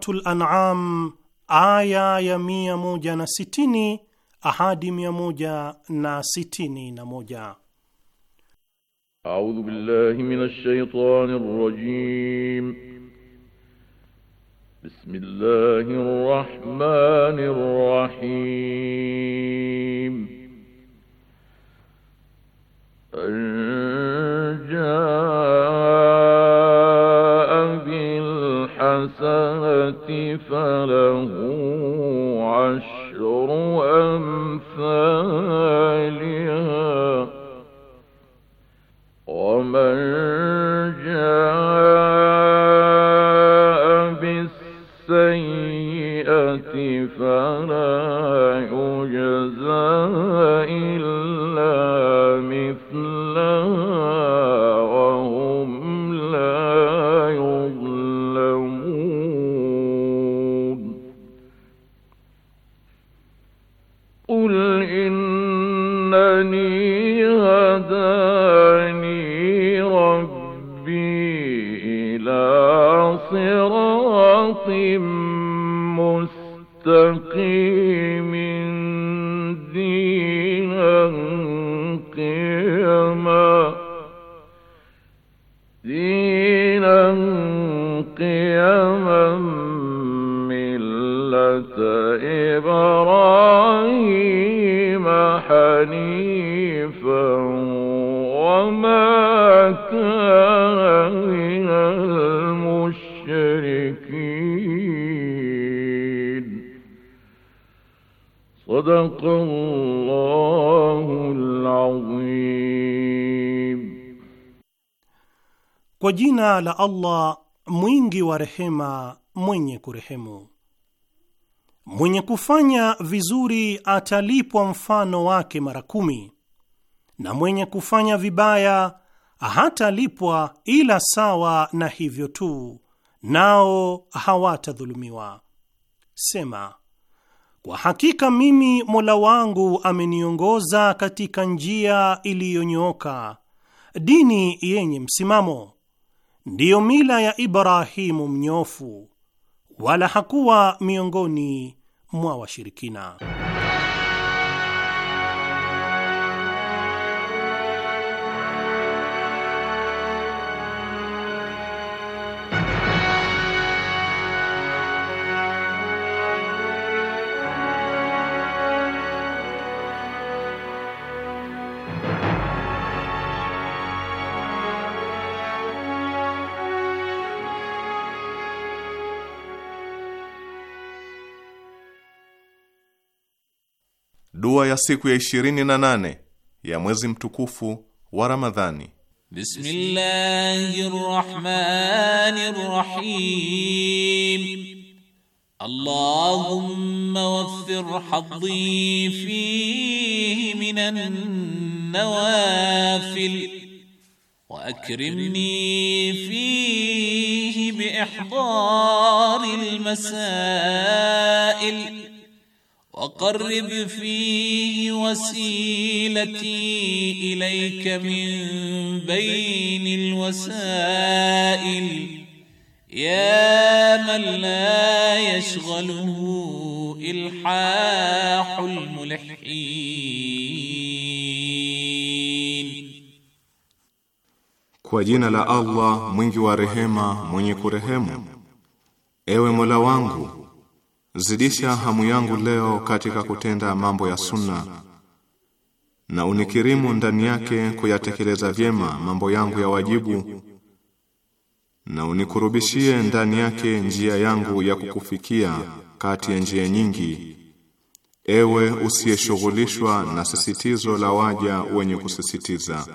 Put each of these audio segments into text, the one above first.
Suratul An'am aya ya mia moja na sitini ahadi mia moja na sitini na moja. A'udhu billahi minash shaitanir rajim. Bismillahir rahmanir rahim. أن جاء بالحسن فله عشر أمثالها ومن جاء بالسيئة فلا يجزى إلا Kwa jina la Allah mwingi wa rehema, mwenye kurehemu. Mwenye kufanya vizuri atalipwa mfano wake mara kumi, na mwenye kufanya vibaya hatalipwa ila sawa na hivyo tu, nao hawatadhulumiwa. Sema, kwa hakika mimi Mola wangu ameniongoza katika njia iliyonyooka, dini yenye msimamo, ndiyo mila ya Ibrahimu mnyofu, wala hakuwa miongoni mwa washirikina. ya siku ya ishirini na nane ya mwezi mtukufu wa Ramadhani. Bismillahir Rahmanir Rahim. Allahumma waffir hadhi fi minan nawafil wa akrimni وأكرمني bi بإحضار المسائل وقرب فيه وسيلتي اليك من بين الوسائل يا من لا يشغله الحاح الملحين kwa jina la allah mwingi wa rehema mwenye kurehemu ewe mola wangu Zidisha hamu yangu leo katika kutenda mambo ya sunna na unikirimu ndani yake kuyatekeleza vyema mambo yangu ya wajibu na unikurubishie ndani yake njia yangu ya kukufikia kati ya njia nyingi ewe usiyeshughulishwa na sisitizo la waja wenye kusisitiza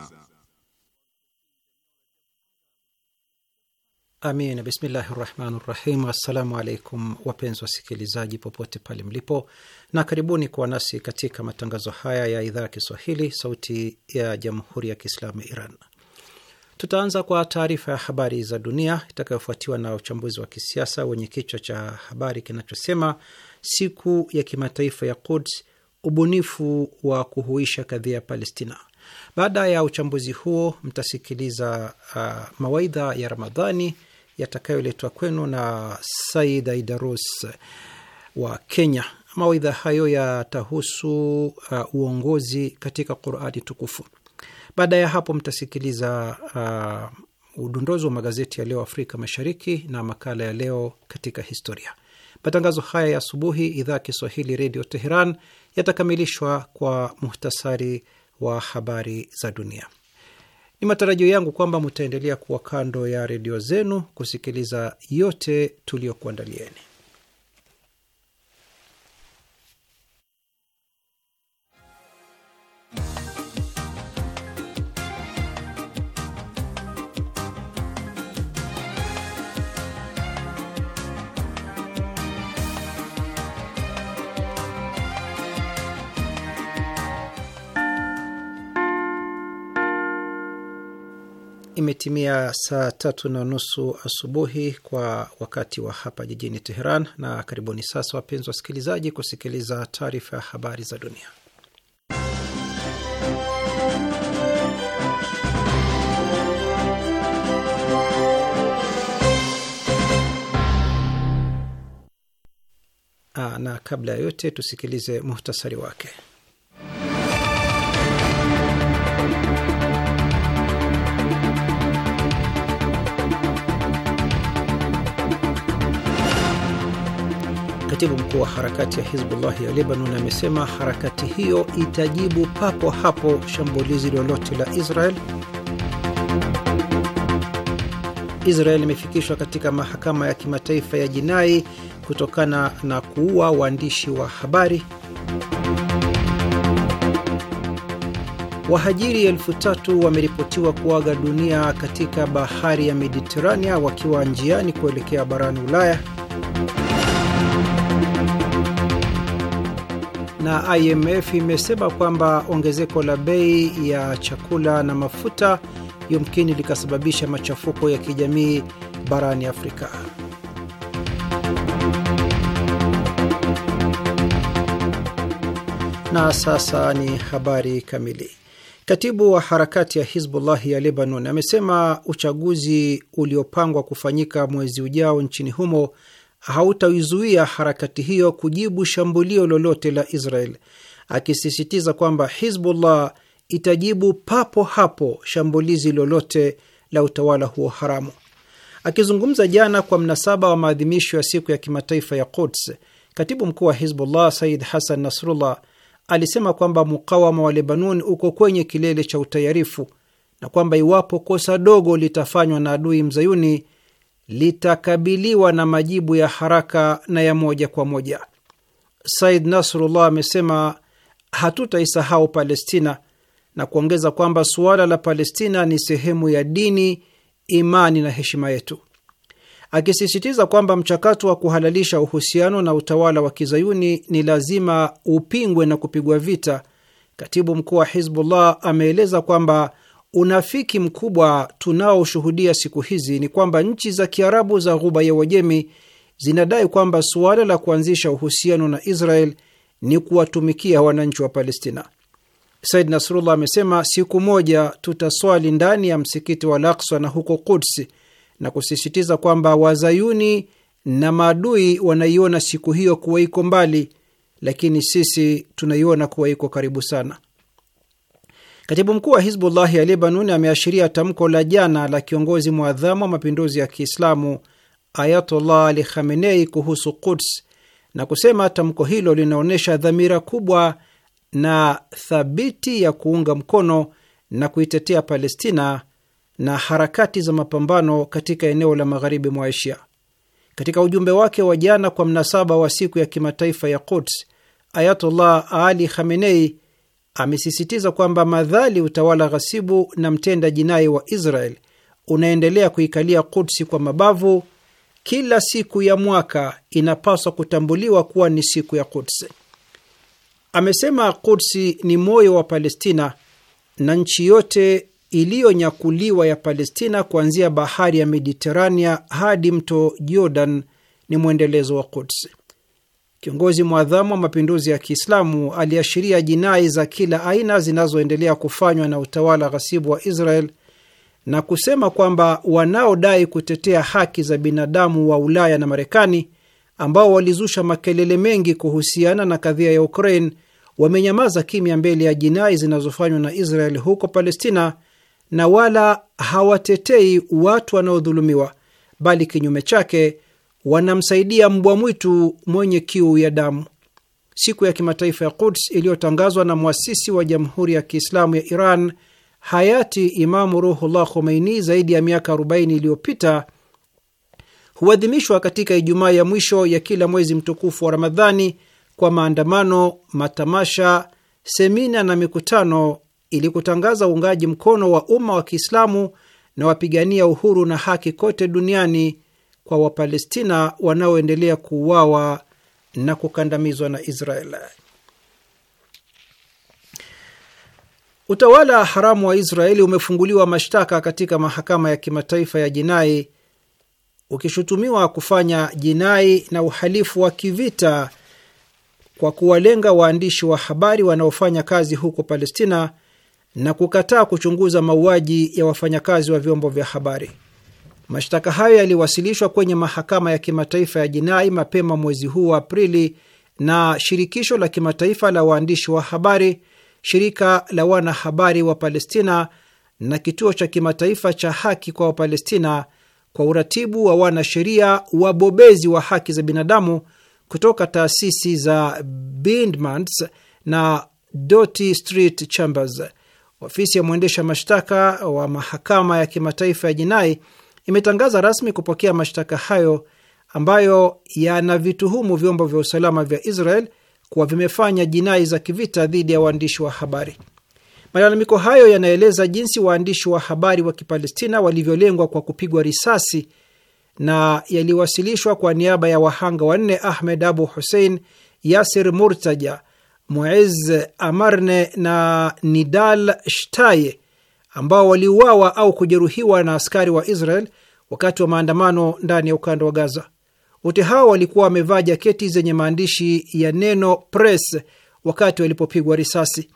Amin, bismillahi rahmani rahim. Assalamu alaikum wapenzi wasikilizaji popote pale mlipo, na karibuni kuwa nasi katika matangazo haya ya idhaa ya Kiswahili sauti ya jamhuri ya kiislamu ya Iran. Tutaanza kwa taarifa ya habari za dunia itakayofuatiwa na uchambuzi wa kisiasa wenye kichwa cha habari kinachosema siku ya kimataifa ya Quds, ubunifu wa kuhuisha kadhia Palestina. Baada ya uchambuzi huo, mtasikiliza uh, mawaidha ya Ramadhani yatakayoletwa kwenu na Said Aidarus wa Kenya. Mawaidha hayo yatahusu uh, uongozi katika Qurani Tukufu. Baada ya hapo, mtasikiliza uh, udondozi wa magazeti ya leo Afrika Mashariki na makala ya leo katika historia. Matangazo haya ya asubuhi, idhaa ya Kiswahili Redio Teheran, yatakamilishwa kwa muhtasari wa habari za dunia. Ni matarajio yangu kwamba mutaendelea kuwa kando ya redio zenu kusikiliza yote tuliyokuandalieni. imetimia saa tatu na nusu asubuhi kwa wakati wa hapa jijini Teheran, na karibuni sasa wapenzi wasikilizaji, kusikiliza taarifa ya habari za dunia. Aa, ah, na kabla ya yote tusikilize muhtasari wake. Katibu mkuu wa harakati ya hizbullahi ya Lebanon amesema harakati hiyo itajibu papo hapo shambulizi lolote la Israel. Israel imefikishwa katika mahakama ya kimataifa ya jinai kutokana na kuua waandishi wa habari. Wahajiri elfu tatu wameripotiwa kuaga dunia katika bahari ya Mediterania wakiwa njiani kuelekea barani Ulaya. na IMF imesema kwamba ongezeko la bei ya chakula na mafuta yumkini likasababisha machafuko ya kijamii barani Afrika. Na sasa ni habari kamili. Katibu wa harakati ya Hizbullahi ya Lebanon amesema uchaguzi uliopangwa kufanyika mwezi ujao nchini humo hautaizuia harakati hiyo kujibu shambulio lolote la Israel, akisisitiza kwamba Hizbullah itajibu papo hapo shambulizi lolote la utawala huo haramu. Akizungumza jana kwa mnasaba wa maadhimisho ya siku ya kimataifa ya Quds, katibu mkuu wa Hizbullah Said Hassan Nasrullah alisema kwamba mukawama wa Lebanon uko kwenye kilele cha utayarifu na kwamba iwapo kosa dogo litafanywa na adui mzayuni litakabiliwa na majibu ya haraka na ya moja kwa moja. Said Nasrullah amesema hatutaisahau Palestina na kuongeza kwamba suala la Palestina ni sehemu ya dini, imani na heshima yetu, akisisitiza kwamba mchakato wa kuhalalisha uhusiano na utawala wa kizayuni ni lazima upingwe na kupigwa vita. Katibu mkuu wa Hizbullah ameeleza kwamba Unafiki mkubwa tunaoshuhudia siku hizi ni kwamba nchi za Kiarabu za Ghuba ya Uajemi zinadai kwamba suala la kuanzisha uhusiano na Israel ni kuwatumikia wananchi wa Palestina. Said Nasrullah amesema siku moja tutaswali ndani ya msikiti wa Al-Aqsa na huko Kudsi, na kusisitiza kwamba wazayuni na maadui wanaiona siku hiyo kuwa iko mbali, lakini sisi tunaiona kuwa iko karibu sana. Katibu mkuu wa Hizbullah ya Lebanon ameashiria tamko la jana la kiongozi mwadhamu wa mapinduzi ya Kiislamu Ayatollah Ali Khamenei kuhusu Quds na kusema tamko hilo linaonyesha dhamira kubwa na thabiti ya kuunga mkono na kuitetea Palestina na harakati za mapambano katika eneo la magharibi mwa Asia. Katika ujumbe wake wa jana kwa mnasaba wa siku ya kimataifa ya Quds, Ayatollah Ali Khamenei amesisitiza kwamba madhali utawala ghasibu na mtenda jinai wa Israel unaendelea kuikalia Kudsi kwa mabavu, kila siku ya mwaka inapaswa kutambuliwa kuwa ni siku ya Kudsi. Amesema Kudsi ni moyo wa Palestina na nchi yote iliyonyakuliwa ya Palestina kuanzia bahari ya Mediterania hadi mto Jordan ni mwendelezo wa Kudsi. Kiongozi mwadhamu wa mapinduzi ya Kiislamu aliashiria jinai za kila aina zinazoendelea kufanywa na utawala ghasibu wa Israel na kusema kwamba wanaodai kutetea haki za binadamu wa Ulaya na Marekani ambao walizusha makelele mengi kuhusiana na kadhia ya Ukraine wamenyamaza kimya mbele ya jinai zinazofanywa na Israel huko Palestina na wala hawatetei watu wanaodhulumiwa, bali kinyume chake wanamsaidia mbwa mwitu mwenye kiu ya damu. Siku ya kimataifa ya Quds iliyotangazwa na mwasisi wa Jamhuri ya Kiislamu ya Iran hayati Imamu Ruhullah Khomeini zaidi ya miaka 40 iliyopita huadhimishwa katika Ijumaa ya mwisho ya kila mwezi mtukufu wa Ramadhani kwa maandamano, matamasha, semina na mikutano ili kutangaza uungaji mkono wa umma wa Kiislamu na wapigania uhuru na haki kote duniani kwa Wapalestina wanaoendelea kuuawa na kukandamizwa na Israel. Utawala haramu wa Israeli umefunguliwa mashtaka katika mahakama ya kimataifa ya jinai ukishutumiwa kufanya jinai na uhalifu wa kivita kwa kuwalenga waandishi wa habari wanaofanya kazi huko Palestina na kukataa kuchunguza mauaji ya wafanyakazi wa vyombo vya habari. Mashtaka hayo yaliwasilishwa kwenye mahakama ya kimataifa ya jinai mapema mwezi huu wa Aprili na shirikisho la kimataifa la waandishi wa habari, shirika la wanahabari wa Palestina na kituo cha kimataifa cha haki kwa Wapalestina kwa uratibu wa wanasheria wabobezi wa haki za binadamu kutoka taasisi za Bindmans na Doty Street Chambers. Ofisi ya mwendesha mashtaka wa mahakama ya kimataifa ya jinai imetangaza rasmi kupokea mashtaka hayo ambayo yanavituhumu vyombo vya usalama vya Israel kuwa vimefanya jinai za kivita dhidi ya waandishi wa habari. Malalamiko hayo yanaeleza jinsi waandishi wa habari wa Kipalestina walivyolengwa kwa kupigwa risasi na yaliwasilishwa kwa niaba ya wahanga wanne: Ahmed Abu Hussein, Yasir Murtaja, Muiz Amarne na Nidal Shtaye ambao waliuawa au kujeruhiwa na askari wa Israel wakati wa maandamano ndani ya ukanda wa Gaza. Wote hao walikuwa wamevaa jaketi zenye maandishi ya neno press wakati walipopigwa risasi.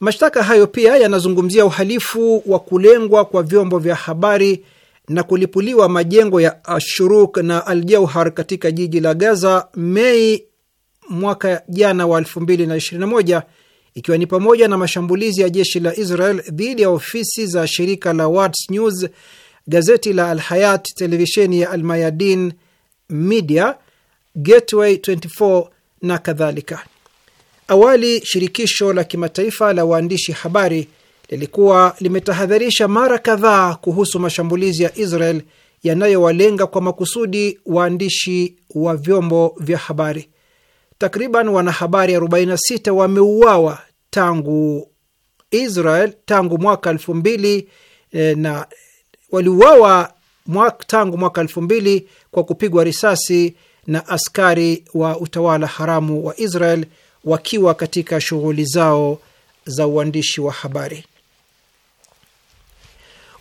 Mashtaka hayo pia yanazungumzia uhalifu wa kulengwa kwa vyombo vya habari na kulipuliwa majengo ya Ashuruk na al jauhar katika jiji la Gaza Mei mwaka jana wa 2021 ikiwa ni pamoja na mashambulizi ya jeshi la Israel dhidi ya ofisi za shirika la Wats News, gazeti la Al Hayat, televisheni ya Al Mayadin Media, Gateway 24 na kadhalika. Awali shirikisho la kimataifa la waandishi habari lilikuwa limetahadharisha mara kadhaa kuhusu mashambulizi ya Israel yanayowalenga kwa makusudi waandishi wa vyombo vya habari. Takriban wanahabari 46 wameuawa tangu Israel tangu mwaka elfu mbili e, na waliuawa mwaka, tangu mwaka elfu mbili kwa kupigwa risasi na askari wa utawala haramu wa Israel wakiwa katika shughuli zao za uandishi wa habari.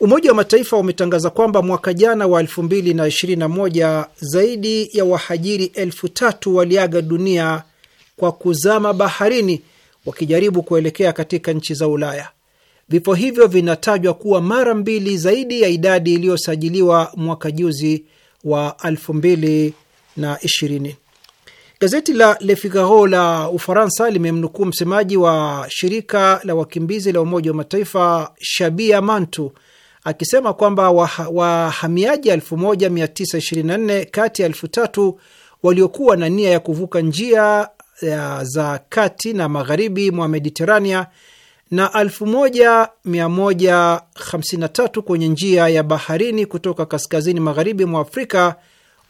Umoja wa Mataifa umetangaza kwamba mwaka jana wa 2021 zaidi ya wahajiri elfu tatu waliaga dunia kwa kuzama baharini wakijaribu kuelekea katika nchi za Ulaya. Vifo hivyo vinatajwa kuwa mara mbili zaidi ya idadi iliyosajiliwa mwaka juzi wa 2020. Gazeti la Le Figaro la Ufaransa limemnukuu msemaji wa shirika la wakimbizi la Umoja wa Mataifa Shabia Mantu akisema kwamba wahamiaji 1924 kati ya elfu tatu waliokuwa na nia ya kuvuka njia za kati na magharibi mwa Mediterania na 1153 kwenye njia ya baharini kutoka kaskazini magharibi mwa Afrika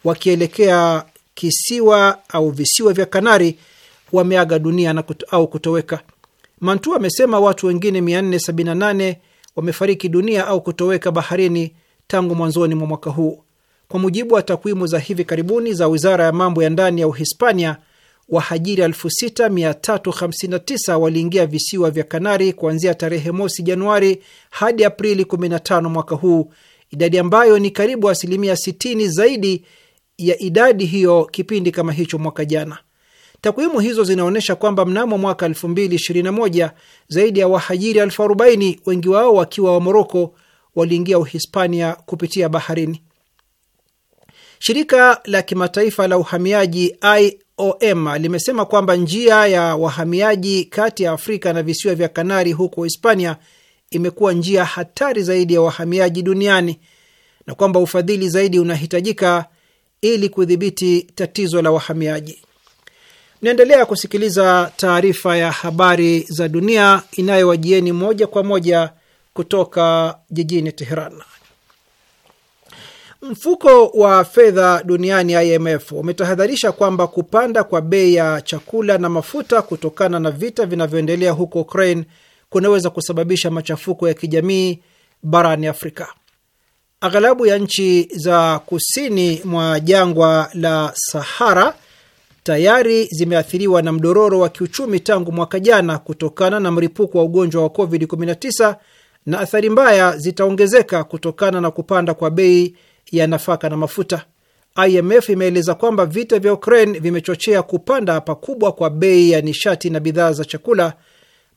wakielekea kisiwa au visiwa vya Kanari wameaga dunia na au kutoweka. Mantua amesema watu wengine 478 wamefariki dunia au kutoweka baharini tangu mwanzoni mwa mwaka huu. Kwa mujibu wa takwimu za hivi karibuni za wizara ya mambo ya ndani ya Uhispania, wahajiri 6359 waliingia visiwa vya Kanari kuanzia tarehe mosi Januari hadi Aprili 15 mwaka huu, idadi ambayo ni karibu asilimia 60 zaidi ya idadi hiyo kipindi kama hicho mwaka jana. Takwimu hizo zinaonyesha kwamba mnamo mwaka 2021 zaidi ya wahajiri 40 wengi wao wakiwa wa Moroko, waliingia Uhispania kupitia baharini. Shirika la kimataifa la uhamiaji IOM limesema kwamba njia ya wahamiaji kati ya Afrika na visiwa vya Kanari huko Hispania imekuwa njia hatari zaidi ya wahamiaji duniani na kwamba ufadhili zaidi unahitajika ili kudhibiti tatizo la wahamiaji naendelea kusikiliza taarifa ya habari za dunia inayowajieni moja kwa moja kutoka jijini Teheran. Mfuko wa fedha duniani IMF umetahadharisha kwamba kupanda kwa bei ya chakula na mafuta kutokana na vita vinavyoendelea huko Ukraine kunaweza kusababisha machafuko ya kijamii barani Afrika. Aghalabu ya nchi za kusini mwa jangwa la Sahara tayari zimeathiriwa na mdororo wa kiuchumi tangu mwaka jana kutokana na mlipuko wa ugonjwa wa COVID-19 na athari mbaya zitaongezeka kutokana na kupanda kwa bei ya nafaka na mafuta. IMF imeeleza kwamba vita vya Ukraine vimechochea kupanda pakubwa kwa bei ya nishati na bidhaa za chakula,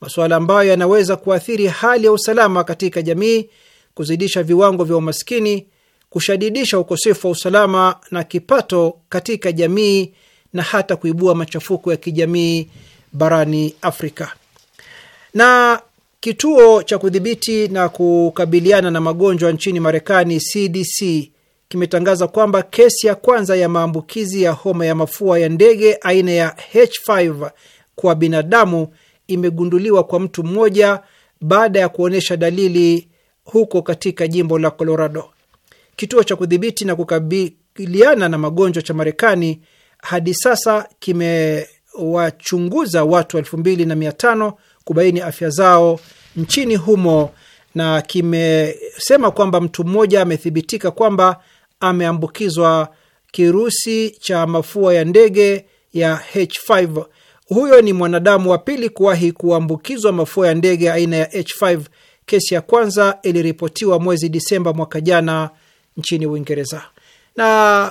masuala ambayo yanaweza kuathiri hali ya usalama katika jamii, kuzidisha viwango vya umaskini, kushadidisha ukosefu wa usalama na kipato katika jamii na hata kuibua machafuko ya kijamii barani Afrika. Na kituo cha kudhibiti na kukabiliana na magonjwa nchini Marekani, CDC, kimetangaza kwamba kesi ya kwanza ya maambukizi ya homa ya mafua ya ndege aina ya H5 kwa binadamu imegunduliwa kwa mtu mmoja baada ya kuonyesha dalili huko katika jimbo la Colorado. Kituo cha kudhibiti na kukabiliana na magonjwa cha Marekani hadi sasa kimewachunguza watu elfu mbili na mia tano kubaini afya zao nchini humo na kimesema kwamba mtu mmoja amethibitika kwamba ameambukizwa kirusi cha mafua ya ndege ya H5. Huyo ni mwanadamu wa pili kuwahi kuambukizwa mafua ya ndege aina ya H5. Kesi ya kwanza iliripotiwa mwezi Disemba mwaka jana nchini Uingereza. Na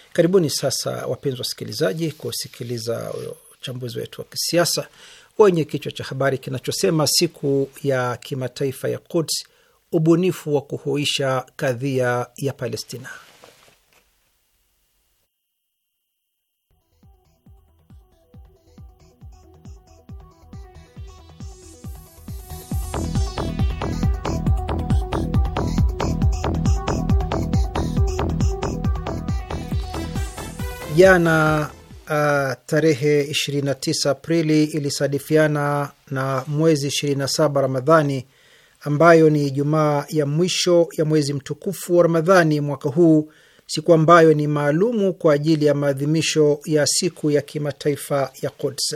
Karibuni sasa, wapenzi wasikilizaji, kusikiliza uchambuzi wetu wa kisiasa wenye kichwa cha habari kinachosema siku ya kimataifa ya Quds, ubunifu wa kuhuisha kadhia ya Palestina. jana uh, tarehe 29 Aprili ilisadifiana na mwezi 27 Ramadhani, ambayo ni Ijumaa ya mwisho ya mwezi mtukufu wa Ramadhani mwaka huu, siku ambayo ni maalumu kwa ajili ya maadhimisho ya siku ya kimataifa ya Quds.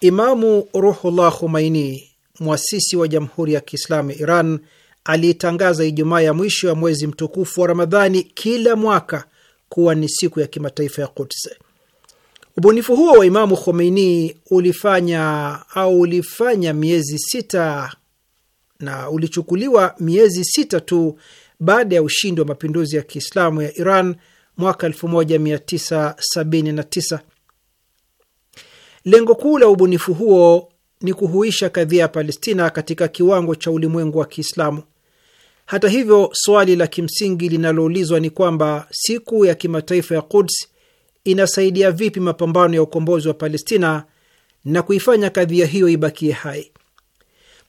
Imamu Ruhullah Khomeini, mwasisi wa Jamhuri ya Kiislamu ya Iran, aliitangaza Ijumaa ya mwisho ya mwezi mtukufu wa Ramadhani kila mwaka kuwa ni siku ya kimataifa ya Quds. Ubunifu huo wa Imamu Khomeini ulifanya au ulifanya miezi sita na ulichukuliwa miezi sita tu baada ya ushindi wa mapinduzi ya Kiislamu ya Iran mwaka 1979. Lengo kuu la ubunifu huo ni kuhuisha kadhia ya Palestina katika kiwango cha ulimwengu wa Kiislamu. Hata hivyo, swali la kimsingi linaloulizwa ni kwamba siku ya kimataifa ya Quds inasaidia vipi mapambano ya ukombozi wa Palestina na kuifanya kadhia hiyo ibakie hai?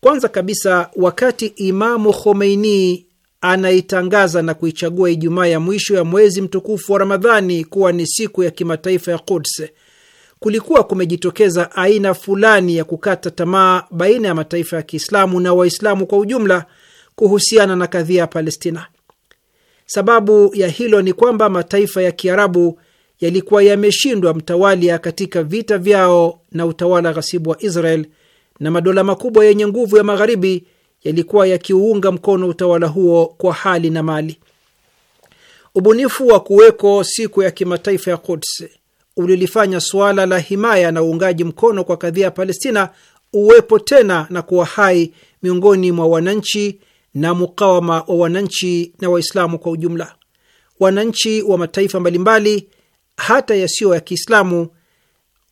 Kwanza kabisa, wakati Imamu Khomeini anaitangaza na kuichagua Ijumaa ya mwisho ya mwezi mtukufu wa Ramadhani kuwa ni siku ya kimataifa ya Quds, kulikuwa kumejitokeza aina fulani ya kukata tamaa baina ya mataifa ya Kiislamu na Waislamu kwa ujumla kuhusiana na kadhia ya Palestina. Sababu ya hilo ni kwamba mataifa ya Kiarabu yalikuwa yameshindwa mtawalia katika vita vyao na utawala ghasibu wa Israel na madola makubwa yenye nguvu ya Magharibi yalikuwa yakiuunga mkono utawala huo kwa hali na mali. Ubunifu wa kuweko siku ya kimataifa ya Quds ulilifanya suala la himaya na uungaji mkono kwa kadhia ya Palestina uwepo tena na kuwa hai miongoni mwa wananchi na mukawama wa wananchi na Waislamu kwa ujumla. Wananchi wa mataifa mbalimbali, hata yasiyo ya Kiislamu,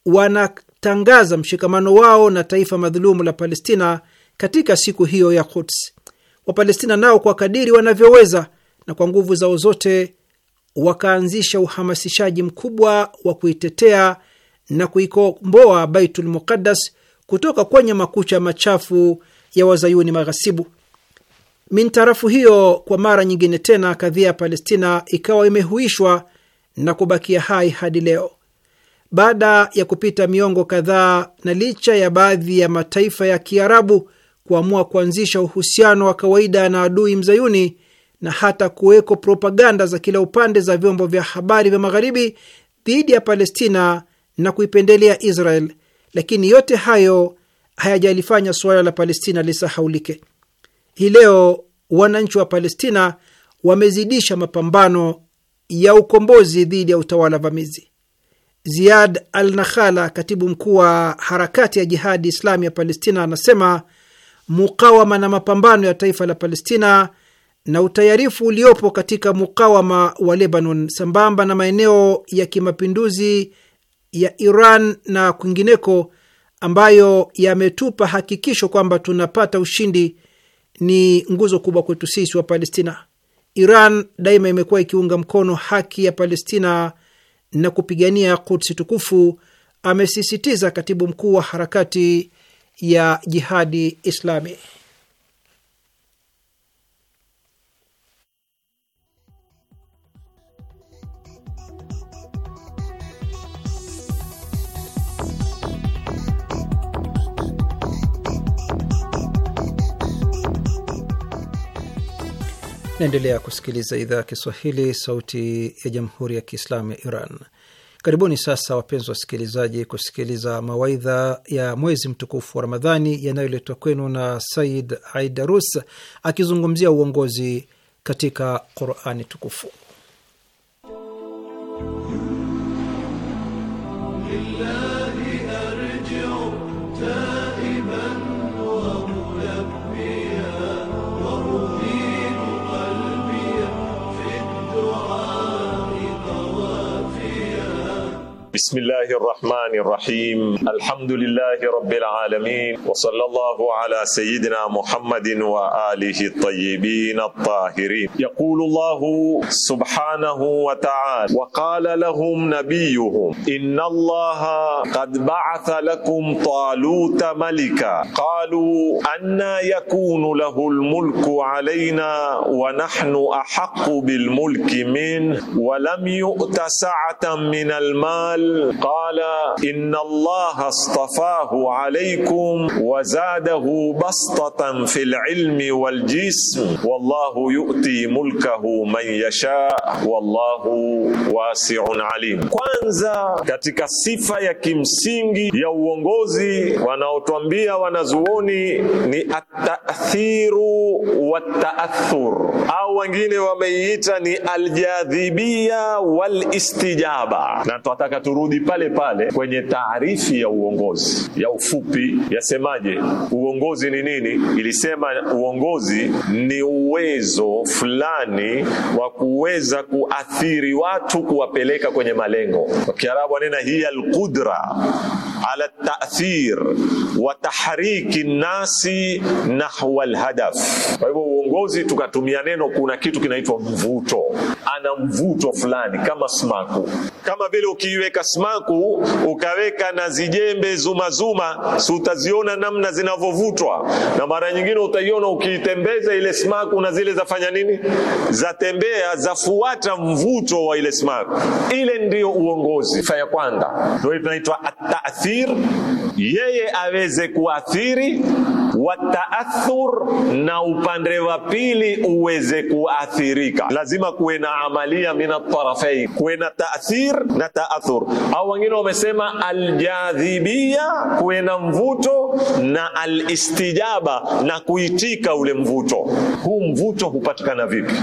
wanatangaza mshikamano wao na taifa madhulumu la Palestina katika siku hiyo ya Quds. Wapalestina nao kwa kadiri wanavyoweza na kwa nguvu zao zote wakaanzisha uhamasishaji mkubwa wa kuitetea na kuikomboa Baitul Muqaddas kutoka kwenye makucha machafu ya wazayuni maghasibu. Mintarafu hiyo, kwa mara nyingine tena, kadhia ya Palestina ikawa imehuishwa na kubakia hai hadi leo baada ya kupita miongo kadhaa, na licha ya baadhi ya mataifa ya Kiarabu kuamua kuanzisha uhusiano wa kawaida na adui mzayuni na hata kuweko propaganda za kila upande za vyombo vya habari vya magharibi dhidi ya Palestina na kuipendelea Israel, lakini yote hayo hayajalifanya suala la Palestina lisahaulike. Hii leo wananchi wa Palestina wamezidisha mapambano ya ukombozi dhidi ya utawala vamizi. Ziad Al Nakhala, katibu mkuu wa harakati ya Jihadi Islami ya Palestina, anasema mukawama na mapambano ya taifa la Palestina na utayarifu uliopo katika mukawama wa Lebanon sambamba na maeneo ya kimapinduzi ya Iran na kwingineko ambayo yametupa hakikisho kwamba tunapata ushindi ni nguzo kubwa kwetu sisi wa Palestina. Iran daima imekuwa ikiunga mkono haki ya Palestina na kupigania Kudsi tukufu, amesisitiza katibu mkuu wa harakati ya Jihadi Islami. Naendelea kusikiliza idhaa ya Kiswahili, sauti ya jamhuri ya kiislamu ya Iran. Karibuni sasa, wapenzi wasikilizaji, kusikiliza mawaidha ya mwezi mtukufu wa Ramadhani yanayoletwa kwenu na Said Aidarus akizungumzia uongozi katika Qurani tukufu. بسم الله الرحمن الرحيم الحمد لله رب العالمين وصلى الله على سيدنا محمد وآله الطيبين الطاهرين يقول الله سبحانه وتعالى وقال لهم نبيهم إن الله قد بعث لكم طالوت ملكا قالوا أنا يكون له الملك علينا ونحن أحق بالملك منه ولم يؤت سعة من المال قال إن الله اصطفاه عليكم وزاده بسطة في العلم والجسم والله yuti mulkahu man yasha wallahu wasiun alim. Kwanza katika sifa ya kimsingi ya uongozi wanaotwambia wanazuoni ni wa wataathur, au wengine wameiita ni aljadhibia walistijaba, na twataka tu turudi pale pale kwenye taarifi ya uongozi ya ufupi yasemaje? Uongozi ni nini? Ilisema uongozi ni uwezo fulani wa kuweza kuathiri watu, kuwapeleka kwenye malengo. Kwa Kiarabu anena hiya alqudra ala ta'thir wa tahriki nasi nahwa alhadaf. Kwa hivyo uongozi, tukatumia neno, kuna kitu kinaitwa mvuto, ana mvuto fulani kama smaku, kama vile ukiiweka ukaweka smaku, ukaweka na zijembe zumazuma, si utaziona namna zinavyovutwa, na mara nyingine utaiona ukiitembeza ile smaku, na zile zafanya nini, zatembea, zafuata mvuto wa ile smaku. Ile ndio uongozi. Sifa ya kwanza ndio inaitwa ataathir, yeye aweze kuathiri taathur, na upande wa pili uweze kuathirika. Lazima kuwe na amalia min atarafain, kuwe na taathir na taathur au wengine wamesema aljadhibia, kuwe na mvuto na alistijaba, na kuitika ule mvuto. Huu mvuto hupatikana vipi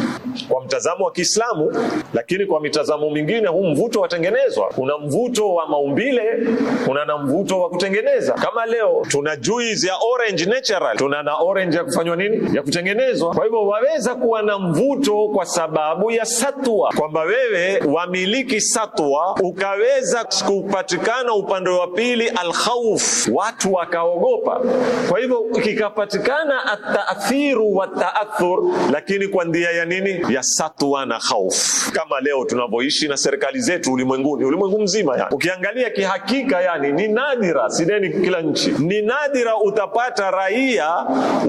kwa mtazamo wa Kiislamu? Lakini kwa mitazamo mingine huu mvuto watengenezwa. Kuna mvuto wa maumbile, kuna na mvuto wa kutengeneza. Kama leo tuna juice ya orange natural, tuna na orange ya kufanywa nini, ya kutengenezwa. Kwa hivyo waweza kuwa na mvuto kwa sababu ya satwa, kwamba wewe wamiliki satwa ukawe kuweza kupatikana upande wa pili alkhauf, watu wakaogopa. Kwa hivyo kikapatikana ataathiru wa taathur, lakini kwa ndia ya nini? Ya satwa na khauf, kama leo tunavyoishi na serikali zetu ulimwenguni, ulimwengu mzima yani. Ukiangalia kihakika, yani ni nadira, sideni kila nchi, ni nadira utapata raia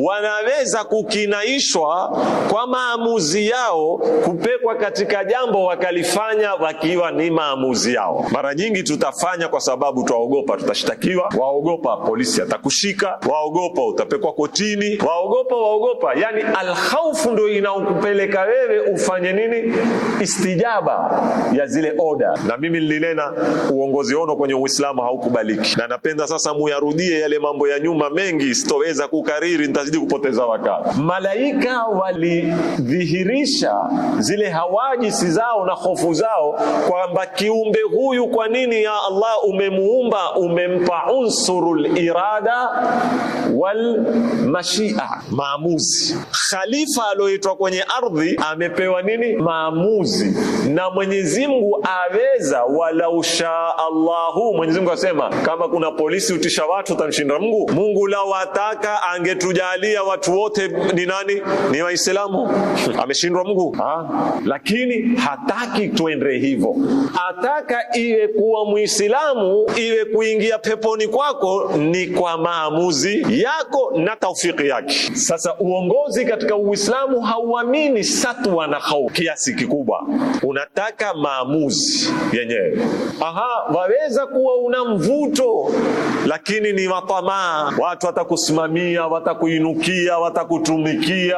wanaweza kukinaishwa kwa maamuzi yao kupekwa katika jambo wakalifanya wakiwa ni maamuzi yao. Mara nyingi tutafanya kwa sababu twaogopa, tutashtakiwa, waogopa polisi atakushika, waogopa utapekwa kotini, waogopa, waogopa. Yani alkhaufu ndo inaokupeleka wewe ufanye nini? Istijaba ya zile oda. Na mimi nilinena uongozi ono kwenye Uislamu haukubaliki, na napenda sasa muyarudie yale mambo ya nyuma mengi, sitoweza kukariri, nitazidi kupoteza wakati. Malaika walidhihirisha zile hawajisi zao na hofu zao kwamba kiumbe huyu huyu kwa nini ya Allah umemuumba umempa unsurul irada wal mashia, maamuzi. Khalifa aloitwa kwenye ardhi amepewa nini? Maamuzi. Na Mwenyezi Mungu aweza, walau shaa Allahu, Mwenyezi Mungu asema, kama kuna polisi utisha watu utamshinda Mungu? Mungu lao ataka angetujalia watu wote ni nani? Ni Waislamu. Ameshindwa Mungu ha? Lakini hataki tuende hivyo, ataka i iwe kuwa Muislamu, iwe kuingia peponi kwako ni kwa maamuzi yako na taufiki yake. Sasa uongozi katika Uislamu hauamini satwa na hau kiasi kikubwa, unataka maamuzi yenyewe. Aha, waweza kuwa una mvuto, lakini ni matamaa. Watu watakusimamia, watakuinukia, watakutumikia.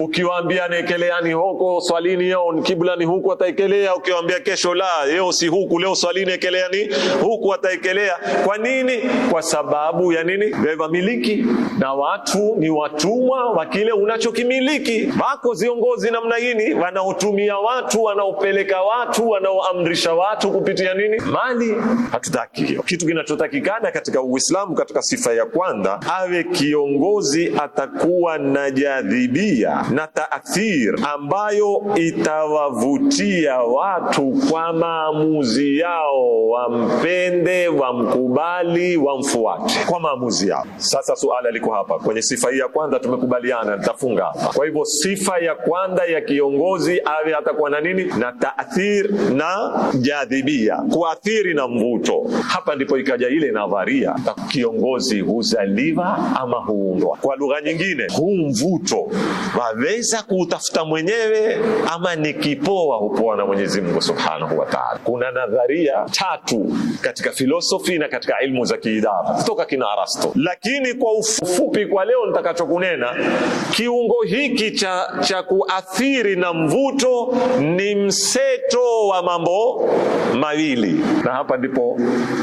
Ukiwaambia nekeleani hoko swalini yao kibla ni huku, ataekelea Ukiwaambia kesho la yeo si huku leo usalini ekelea ni huku ataekelea. Kwa nini? Kwa sababu ya nini? Beba miliki na watu ni watumwa wa kile unachokimiliki. Wako viongozi namna hini wanaotumia watu, wanaopeleka watu, wanaoamrisha watu kupitia nini? Mali. Hatutaki hiyo. Kitu kinachotakikana katika Uislamu, katika sifa ya kwanza, awe kiongozi atakuwa na jadhibia na taathir ambayo itawavutia watu kwa maamuzi yao wampende, wamkubali, wamfuate kwa maamuzi yao. Sasa suala liko hapa kwenye sifa hii ya kwanza, tumekubaliana, nitafunga hapa. Kwa hivyo sifa ya kwanza ya kiongozi awe atakuwa na nini? Na taathir na jadhibia, kuathiri na mvuto. Hapa ndipo ikaja ile nadharia, kiongozi huzaliwa ama huundwa. Kwa lugha nyingine, huu mvuto waweza kuutafuta mwenyewe ama ni kipoa hupoa na Mwenyezi Mungu subhanahu wa taala. Kuna nadharia nadharia tatu katika filosofi na katika ilmu za kiidara kutoka kina Arasto. Lakini kwa ufupi kwa leo nitakachokunena, kiungo hiki cha, cha kuathiri na mvuto ni mseto wa mambo mawili, na hapa ndipo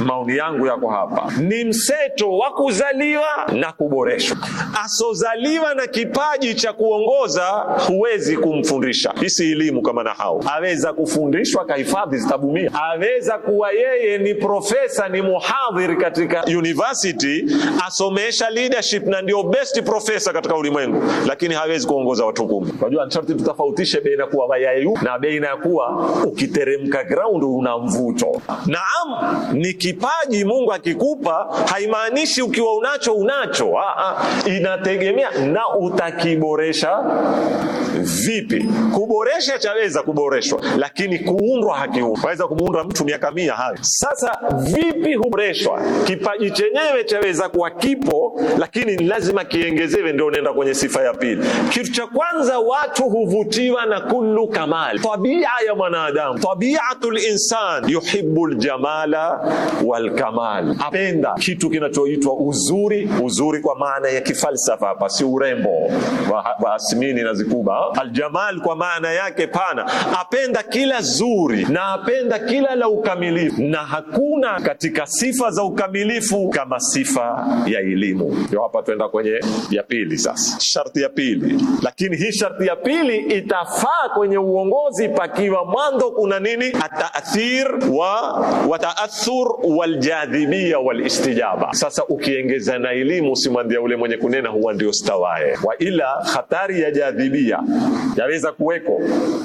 maoni yangu yako hapa. Ni mseto wa kuzaliwa na kuboreshwa. Asozaliwa na kipaji cha kuongoza huwezi kumfundisha, hisi elimu kama na hao aweza kufundishwa, kahifadhi zitabumia Anaweza kuwa yeye ni profesa, ni muhadhiri katika university, asomesha leadership na ndio best profesa katika ulimwengu, lakini hawezi kuongoza watu kumi. Unajua, sharti tutofautishe baina kuwa wayayu na baina ya kuwa ukiteremka ground una mvuto. Naam, ni kipaji Mungu akikupa, haimaanishi ukiwa unacho unacho. Aa, ah, ah, inategemea na utakiboresha vipi. Kuboresha chaweza kuboreshwa, lakini kuundwa hakiundwi. Waweza kumuundwa mtu miaka mia hayo. Sasa vipi huboreshwa? Kipaji chenyewe chaweza kuwa kipo, lakini lazima kiengezewe, ndio unaenda kwenye sifa ya pili. Kitu cha kwanza, watu huvutiwa na kullu kamali, tabia ya mwanadamu, tabiatul insan yuhibbu ljamala walkamal, apenda kitu kinachoitwa uzuri. Uzuri kwa maana ya kifalsafa hapa, si urembo wa, wa Asmini na Zikuba Aljamal kwa maana yake pana, apenda kila zuri na apenda kila la ukamilifu, na hakuna katika sifa za ukamilifu kama sifa ya elimu. Ndio hapa tuenda kwenye ya pili sasa, sharti ya pili. Lakini hii sharti ya pili itafaa kwenye uongozi pakiwa mwanzo kuna nini? Ataathir wa wataathur waljadhibia walistijaba. Sasa ukiengeza na elimu, simwambia ule mwenye kunena huwa ndio stawae, wa ila hatari ya jadhibia yaweza kuweko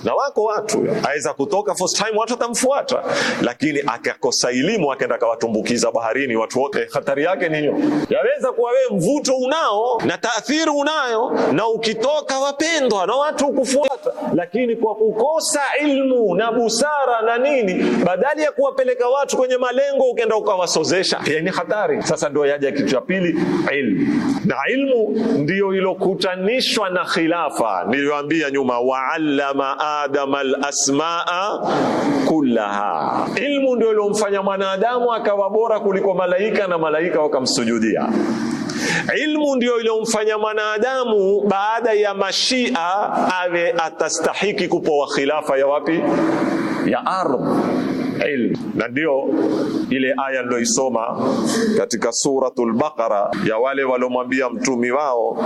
na wako watu aweza kutoka first time watu watamfuata, lakini akakosa elimu akaenda akawatumbukiza baharini watu wote, hatari yake ni hiyo. Yaweza kuwa wewe mvuto unao na taathiri unayo, na ukitoka wapendwa na watu kufuata, lakini kwa kukosa ilmu na busara na nini, badali ya kuwapeleka watu kwenye malengo ukaenda ukawasozesha, pia ni hatari. Sasa ndio yaja kitu cha pili, ilmu na ilmu ndiyo ilokutanishwa na khilafa ndio tumeambia nyuma, waallama adama alasmaa kullaha, ilmu ndio ilomfanya mwanadamu akawa bora kuliko malaika na malaika wakamsujudia. Ilmu ndio iliyomfanya mwanadamu baada ya mashia awe atastahiki kupoa khilafa ya wapi? Ya ardhi. Ilmu na ndio ile aya niloisoma katika suratul Baqara ya wale waliomwambia mtumi wao,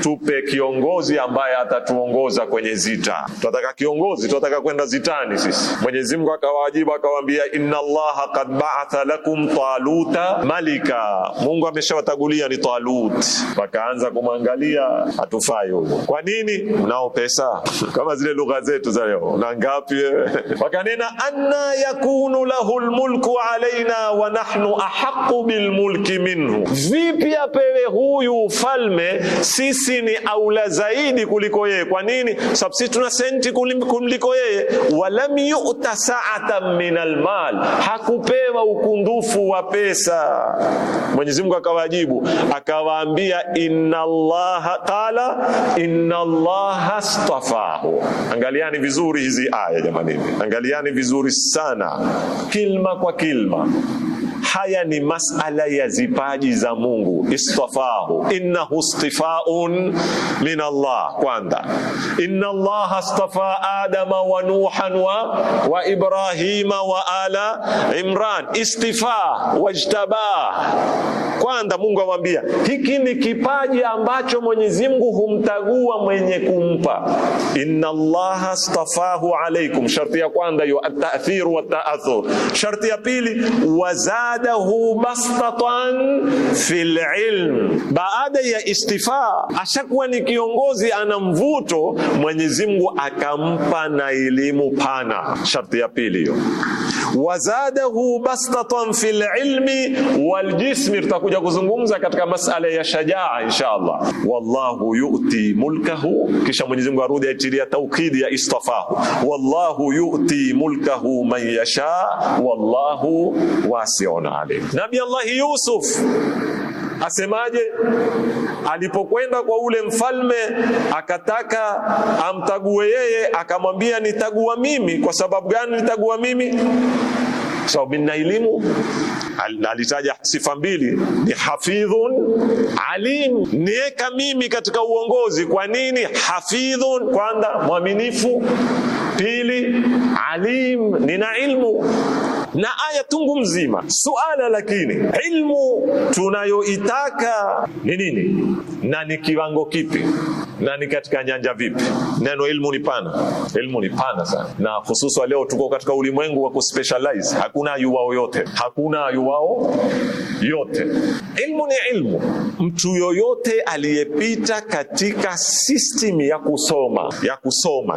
tupe kiongozi ambaye atatuongoza kwenye zita. Tunataka kiongozi, tunataka kwenda zitani sisi. Mwenyezi Mungu akawajibu akawaambia, inna Allaha qad ba'atha lakum taluta malika, Mungu ameshawatagulia ni Talut. Wakaanza kumwangalia, hatufai huyo. Kwa nini? Mnao pesa kama zile lugha zetu za leo na ngapi Wakanena anna yakunu la lahu lmulku alaina wa nahnu ahaqu bilmulki minhu, vipi apewe huyu ufalme, sisi ni aula zaidi kuliko yeye. Kwa nini? Sababu sisi tuna senti kumliko yeye. Walam yu'ta sa'atan min almal, hakupewa ukundufu wa pesa. Mwenyezi Mungu akawajibu akawaambia, inna Allaha qala inna Allaha astafahu. Angaliani vizuri hizi aya jamani, angaliani vizuri sana kilma kwa kilma. Haya ni masala ya zipaji za Mungu, istafahu innahu istifaun min Allah. Kwanza, inna Allah istafa Adama wa Nuhan wa, wa Ibrahima wa ala Imran, istifa wajtabah. Kwanza Mungu amwambia hiki ni kipaji ambacho Mwenyezi Mungu humtagua mwenye kumpa. Inna Allah istafahu alaikum, sharti ya kwanza hiyo, at-ta'thir wa ta'athur. Sharti ya pili waza zaadahu bastatan fil ilm. Baada ya istifaa, ashakuwa ni kiongozi ana mvuto, Mwenyezi Mungu akampa na elimu pana. Sharti ya pili hiyo wazadahu bastatan fil ilmi wal jismi. Tutakuja kuzungumza katika masala ya shajaa insha Allah. Wallahu yu'ti mulkahu, kisha Mwenyezi Mungu arudi aitilia taukidi ya istafahu, wallahu yu'ti mulkahu man yasha wallahu wasi'un alim. Nabii Allah Yusuf Asemaje? Alipokwenda kwa ule mfalme, akataka amtague yeye, akamwambia nitagua mimi. Kwa sababu gani nitagua mimi? sababu so, nina elimu. Alitaja sifa mbili, ni hafidhun alim, niweka mimi katika uongozi. Kwa nini? Hafidhun, kwanza mwaminifu, pili alim, nina ilmu na aya tungu mzima. Suala lakini ilmu tunayoitaka ni nini na ni kiwango kipi na ni katika nyanja vipi? Neno ilmu ni pana, ilmu ni pana sana, na hususan leo tuko katika ulimwengu wa kuspecialize. Hakuna ayuwao yote, hakuna ayuwao yote. Ilmu ni ilmu. Mtu yoyote aliyepita katika system ya kusoma ya kusoma,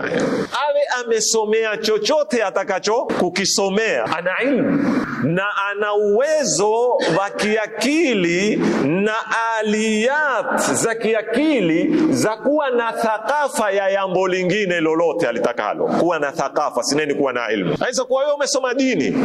awe amesomea chochote atakacho kukisomea, ana ilmu, na ana uwezo wa kiakili na aliyat za kiakili za kuwa na thakafa ya jambo lingine lolote alitakalo. Kuwa na thakafa sineni kuwa na ilmu. Aisa kuwa wewe umesoma dini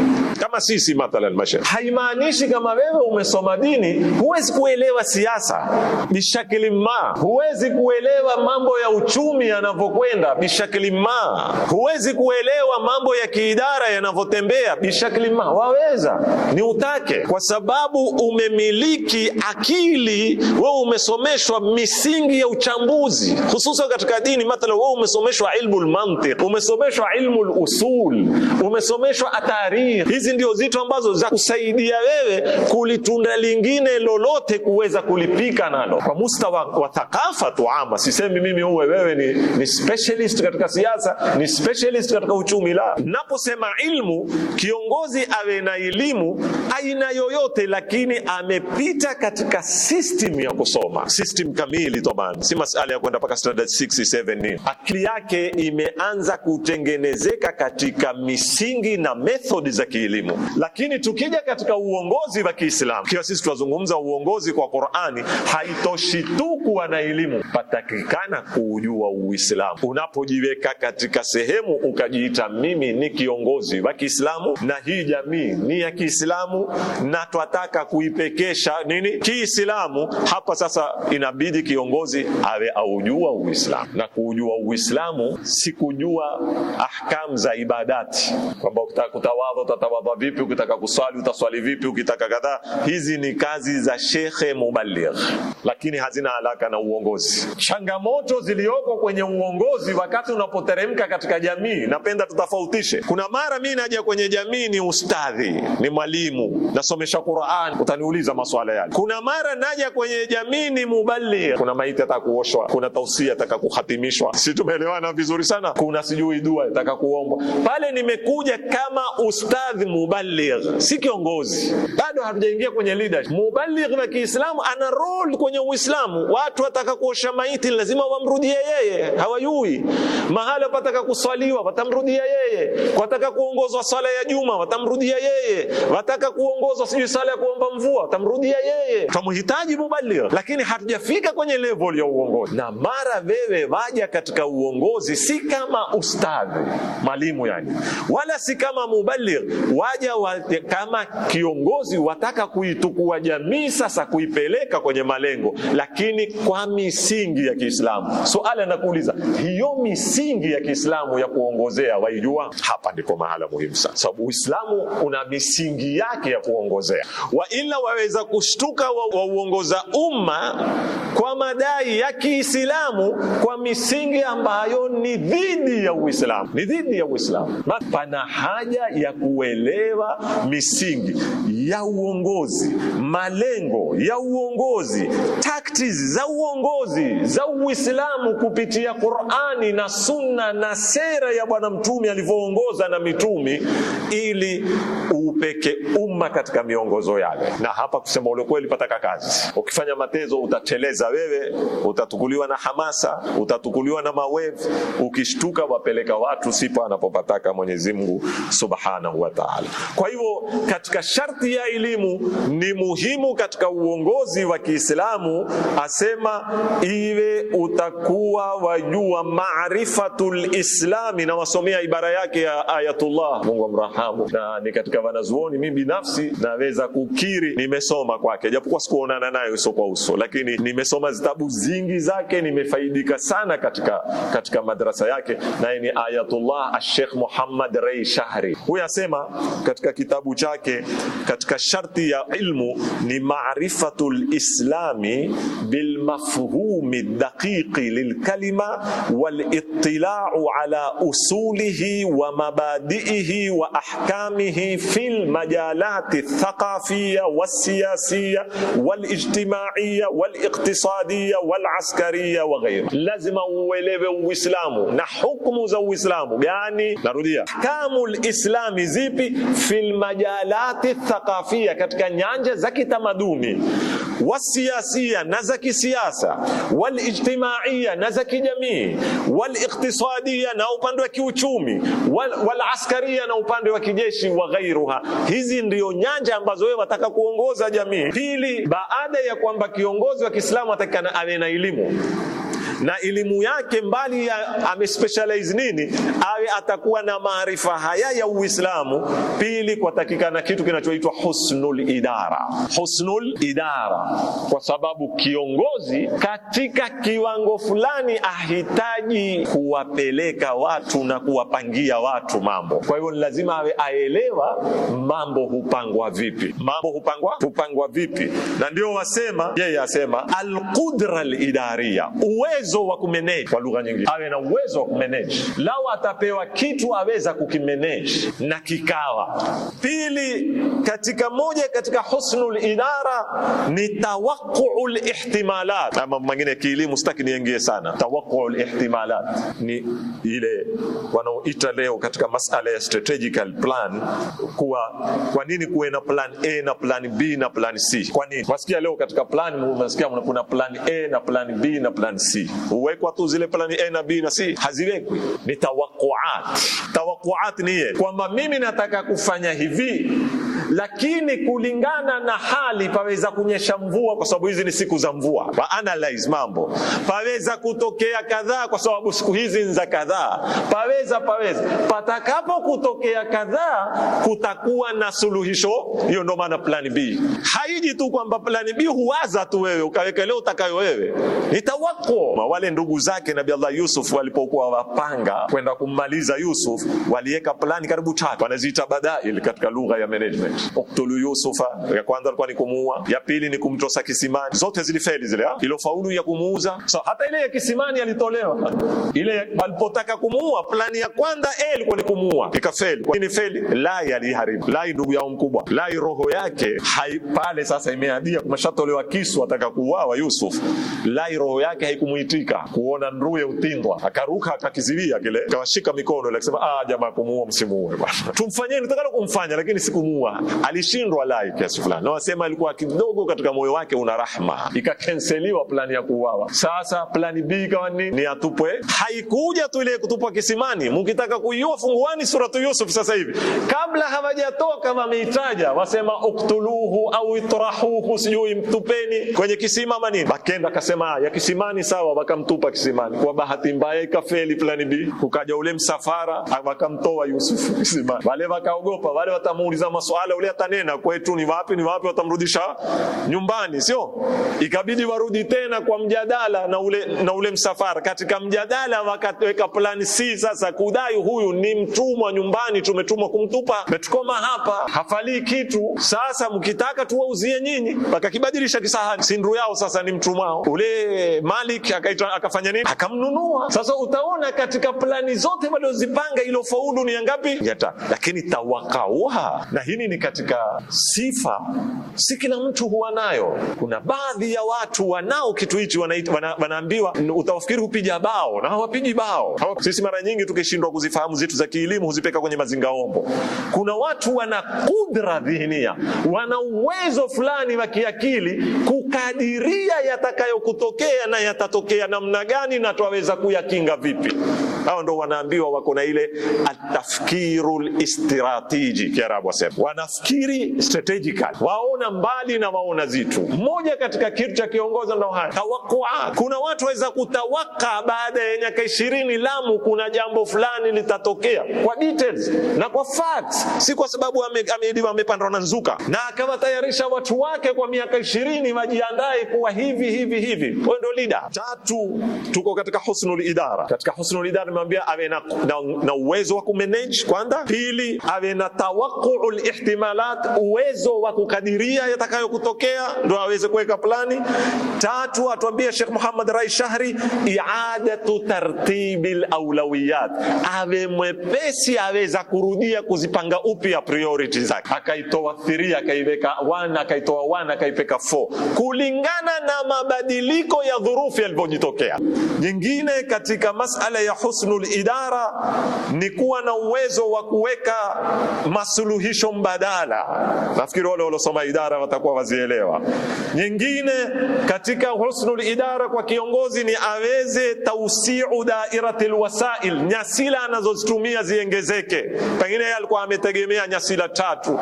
kama sisi mathalan mashe, haimaanishi kama wewe umesoma dini huwezi kuelewa siasa bishakili ma, huwezi kuelewa mambo ya uchumi yanavyokwenda bishakili ma, huwezi kuelewa mambo ya kiidara yanavyotembea bisha taklimaa, waweza ni utake, kwa sababu umemiliki akili. Wewe umesomeshwa misingi ya uchambuzi, hususan katika dini. Mathala wewe umesomeshwa ilmu lmantiq, umesomeshwa ilmu lusul, umesomeshwa atarikh. Hizi ndio zitu ambazo za kusaidia wewe kulitunda lingine lolote kuweza kulipika nalo kwa mustawa wa thakafa ama. Sisemi mimi uwe wewe ni, ni specialist katika siasa, ni specialist katika uchumi. La, naposema ilmu kiongozi kiongozi awe na elimu aina yoyote, lakini amepita katika system ya kusoma, system kamili toban, si masala ya kwenda mpaka standard 6 7. Akili yake imeanza kutengenezeka katika misingi na methodi za kielimu. Lakini tukija katika uongozi wa Kiislamu, kiwa sisi tunazungumza uongozi kwa Qur'ani, haitoshi tu kuwa na elimu, patakikana kuujua Uislamu. Unapojiweka katika sehemu ukajiita mimi ni kiongozi wa Kiislamu na hii jamii ni ya Kiislamu na twataka kuipekesha nini Kiislamu. Hapa sasa inabidi kiongozi awe aujua Uislamu, na kuujua Uislamu si kujua ahkamu za ibadati, kwamba ukitaka kutawadha utatawadha vipi, ukitaka kuswali utaswali vipi, ukitaka kadhaa. Hizi ni kazi za shekhe mubaligh, lakini hazina alaka na uongozi. Changamoto ziliyoko kwenye uongozi wakati unapoteremka katika jamii, napenda tutofautishe. Kuna mara mimi naja kwenye jamii ni ustadhi, ni mwalimu, nasomesha Qur'an, utaniuliza maswala yale. Kuna mara naja kwenye jamii ni mubaligh, kuna maiti ataka kuoshwa, kuna tausia ataka kuhatimishwa, si tumeelewana vizuri sana? Kuna sijui dua ataka kuombwa pale, nimekuja kama ustadhi mubaligh, si kiongozi. Bado hatujaingia kwenye leadership. Mubaligh wa Kiislamu ana role kwenye Uislamu. Watu wataka kuosha maiti lazima wamrudie yeye, hawayui. Mahali pataka kuswaliwa watamrudia yeye, wataka kuongozwa sala ya juma watamrudia yeye. Wataka kuongozwa sijui sala ya kuomba mvua, watamrudia yeye. Tutamhitaji mubaligh, lakini hatujafika kwenye level ya uongozi. Na mara wewe waja katika uongozi, si kama ustadhi mwalimu yani, wala si kama mubaligh, waja wa, kama kiongozi, wataka kuitukua jamii sasa, kuipeleka kwenye malengo, lakini kwa misingi ya Kiislamu. Swali anakuuliza hiyo misingi ya Kiislamu ya kuongozea waijua? Hapa ndipo mahala muhimu sana, sababu Uislamu una misingi yake ya kuongozea, wa ila waweza kushtuka wauongoza wa umma kwa madai ya Kiislamu kwa misingi ambayo ni dhidi ya Uislamu, ni dhidi ya Uislamu. Pana haja ya kuelewa misingi ya uongozi, malengo ya uongozi, tactics za uongozi za Uislamu kupitia Qur'ani na Sunna na sera ya Bwana Mtume alivyoongoza na mitumi ili ili upeke umma katika miongozo yale. Na hapa kusema ule kweli, pataka kazi. Ukifanya matezo utateleza wewe, utatukuliwa na hamasa, utatukuliwa na mawevu. Ukishtuka wapeleka watu sipo anapopataka Mwenyezi Mungu Subhanahu wa Ta'ala. Kwa hivyo katika sharti ya elimu ni muhimu katika uongozi wa Kiislamu, asema iwe utakuwa wajua maarifatul Islami, na wasomea ibara yake ya Ayatullah Mungu amrahamu na ni katika wanazuoni, mimi binafsi naweza kukiri nimesoma kwake, japokuwa sikuonana naye uso kwa uso, lakini nimesoma zitabu zingi zake, nimefaidika sana katika katika madrasa yake, naye ni Ayatullah Ashekh Muhammad Rei Shahri. Huyu asema katika kitabu chake, katika sharti ya ilmu ni maarifatu lislami bilmafhumi daqiqi lilkalima walitila'u ala usulihi wa mabadiihi wa ahkam احكامه في المجالات الثقافيه والسياسيه والاجتماعيه والاقتصاديه والعسكريه وغيرها لازم اولبه الاسلام نحكم زو الاسلام يعني نرديها احكام الاسلام زيبي في المجالات الثقافيه katika nyanja زكي kitamaduni wasiasia na za kisiasa, walijtimaia na za kijamii, waliqtisadiya na upande wa kiuchumi, walaskaria na upande wa kijeshi, wa ghairuha. Hizi ndio nyanja ambazo wewe wataka kuongoza jamii. Pili, baada ya kwamba kiongozi wa Kiislamu atakana awe na elimu na elimu yake mbali ya amespecialize nini, awe atakuwa na maarifa haya ya Uislamu. Pili, kwatakikana kitu kinachoitwa husnul idara, husnul idara, kwa sababu kiongozi katika kiwango fulani ahitaji kuwapeleka watu na kuwapangia watu mambo. Kwa hivyo ni lazima awe aelewa mambo hupangwa vipi, mambo hupangwa hupangwa vipi, na ndio wasema yeye asema alqudra lidaria uwezo uwezo wa kumanage kwa lugha nyingine, awe na uwezo wa kumanage. Lau atapewa kitu aweza kukimanage na kikawa. Pili, katika moja katika husnul idara ni tawaqqul ihtimalat. ama mwingine kielimu sitaki niingie sana. Tawaqqul ihtimalat ni ile wanaoita leo katika masala ya strategical plan, kuwa kwa nini kuwe na plan A na plan B na plan C? Kwa nini wasikia leo katika plan unasikia kuna plan A na plan B na plan C? huwekwa tu zile plani A na B na C, haziwekwi ni tawakuat. Tawakuat ni ye kwamba mimi nataka kufanya hivi lakini kulingana na hali paweza kunyesha mvua, kwa sababu hizi ni siku za mvua, pa analyze mambo. Paweza kutokea kadhaa, kwa sababu siku hizi ni za kadhaa. Paweza paweza, patakapo kutokea kadhaa, kutakuwa na suluhisho. Hiyo ndo maana plan B haiji tu kwamba plan B huwaza tu wewe ukaweka leo utakayo wewe, ni tawako. Wale ndugu zake Nabii Allah Yusuf walipokuwa wapanga kwenda kummaliza Yusuf, waliweka plani karibu tatu, wanaziita badail katika lugha ya management uktuluyu Yusufa, ya kwanza alikuwa ni kumuua, ya pili ni kumtosa kisimani. Zote zilifeli zile, faulu ya kumuuza so, hata ile ya kisimani alitolewa. Ile alipotaka kumuua, plani ya kwanza ilikuwa ni kumuua, ikafeli. Kwa nini feli? Lai aliharibu, Lai ndugu yao mkubwa, Lai roho yake hai pale. Sasa imeadia kumeshatolewa kisu, ataka kuuawa Yusuf, Lai roho yake haikumuitika kuona nduye utindwa, akaruka akakizilia kile, akawashika mikono, ile, akasema ah, jamaa kumuua, msimuue bwana, tumfanyeni tutakalo kumfanya, lakini sikumuua alishindwa lai kiasi fulani, na wasema alikuwa kidogo katika moyo wake una rahma, ikakenseliwa plani ya kuuawa. Sasa plani B ikawa ni ni atupwe. Haikuja tu ile kutupwa kisimani, mkitaka kuiua funguani suratu Yusuf sasa hivi, kabla hawajatoka wameitaja, wasema uktuluhu au itrahuhu, sijui mtupeni kwenye kisima manini Bakenda akasema ya kisimani sawa, wakamtupa kisimani. Kwa bahati mbaya ikafeli plani B, kukaja ule msafara wakamtoa Yusuf kisimani. Wale wakaogopa, wale watamuuliza maswala yule atanena kwetu ni wapi ni wapi, watamrudisha nyumbani, sio? Ikabidi warudi tena kwa mjadala na ule, na ule msafara. Katika mjadala wakaweka plani C, sasa kudai huyu ni mtumwa nyumbani, tumetumwa kumtupa, metukoma hapa, hafalii kitu. Sasa mkitaka tuwauzie nyinyi, wakakibadilisha kisahani, sindru yao sasa ni mtumwao. Ule Malik akaitwa akafanya nini? Akamnunua. Sasa utaona katika plani zote waliozipanga, ilo faulu ni Ya Yata, lakini tawakauha na hili ni katika sifa si kila mtu huwa nayo. Kuna baadhi ya watu wanao kitu hichi, wana, wanaambiwa utawafikiri hupija bao na hawapigi bao. Sisi mara nyingi tukishindwa kuzifahamu zetu za kielimu huzipeka kwenye mazingaombo. Kuna watu wana kudra dhihinia, wana uwezo fulani wa kiakili kukadiria yatakayokutokea na yatatokea namna gani na twaweza kuyakinga vipi hao ndo wanaambiwa wako na ile atafkiru listiratiji, Kiarabu wasema wanafikiri strategical waona mbali na waona zitu. Mmoja katika kitu cha kiongoza ndo haya tawakua. Kuna watu waweza kutawaka baada ya miaka ishirini Lamu kuna jambo fulani litatokea kwa details na kwa facts, si kwa sababu ameamepandwa amepandwa na nzuka, na akawatayarisha watu wake kwa miaka ishirini wajiandae kuwa hivi hivi hivi. wendo lida Tatu, tuko katika husnul idara, katika husnul idara anamwambia awe na, na, na uwezo wa kumanage kwanza, pili awe na tawaquu lihtimalat, uwezo wa kukadiria yatakayokutokea ndo aweze kuweka plani. Tatu atuambia Sheikh Muhammad Rai Shahri, iadatu tartibi laulawiyat, awe mwepesi aweza kurudia kuzipanga upya priority zake, akaitoa 3 akaiweka 1 akaitoa 1 akaipeka 4 kulingana na mabadiliko ya dhurufu yalivyojitokea. Nyingine katika masala ya husnul idara ni kuwa na uwezo wa kuweka masuluhisho mbadala. Nafikiri wale waliosoma idara watakuwa wazielewa. Nyingine katika husnul idara kwa kiongozi ni aweze tausiu dairati wasail, nyasila anazozitumia ziengezeke. Pengine yeye alikuwa ametegemea nyasila tatu,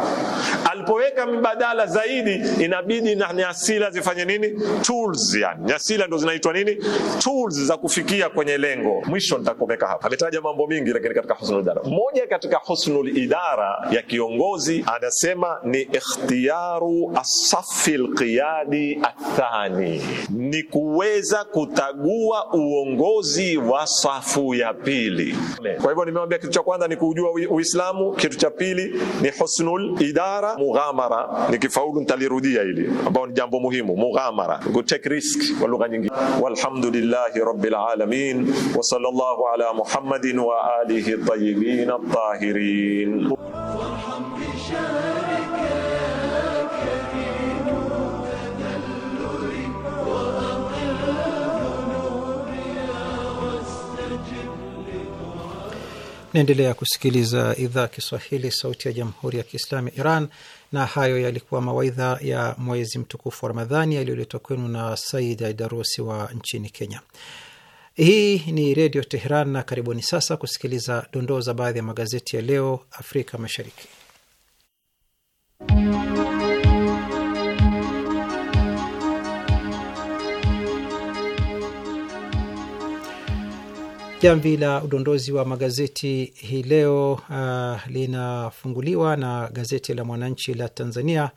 alipoweka mbadala zaidi, inabidi na nyasila zifanye nini, tools. Yani nyasila ndo zinaitwa nini, tools za kufikia kwenye lengo. Mwisho nitakuwa ameweka hapa. Ametaja mambo mingi, lakini katika husnul idara, mmoja katika husnul idara ya kiongozi anasema ni ikhtiyaru asafi lqiyadi athani, ni kuweza kutagua uongozi wa safu ya pili. Kwa hivyo nimewambia, kitu cha kwanza ni kujua Uislamu, kitu cha pili ni husnul idara. Mughamara ni kifaulu, nitalirudia hili, ambao ni jambo muhimu. Mughamara, take risk kwa lugha nyingine. Walhamdulillahi rabbil alamin wa sallallahu على محمد وآله الطيبين الطاهرين Naendelea kusikiliza idhaa ya Kiswahili, sauti ya jamhuri ya kiislamu ya Iran. Na hayo yalikuwa mawaidha ya mwezi mtukufu wa Ramadhani yaliyoletwa kwenu na Said Aidarusi wa nchini Kenya. Hii ni Redio Teheran na karibuni sasa kusikiliza dondoo za baadhi ya magazeti ya leo Afrika Mashariki. Jamvi la udondozi wa magazeti hii leo uh, linafunguliwa na gazeti la Mwananchi la Tanzania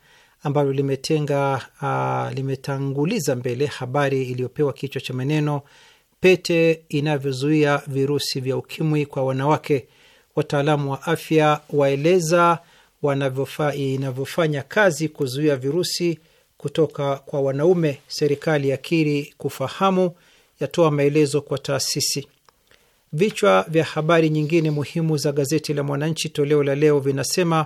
ambalo limetenga uh, limetanguliza mbele habari iliyopewa kichwa cha maneno pete inavyozuia virusi vya ukimwi kwa wanawake. Wataalamu wa afya waeleza inavyofanya kazi kuzuia virusi kutoka kwa wanaume. Serikali yakiri kufahamu, yatoa maelezo kwa taasisi. Vichwa vya habari nyingine muhimu za gazeti la Mwananchi toleo la leo vinasema: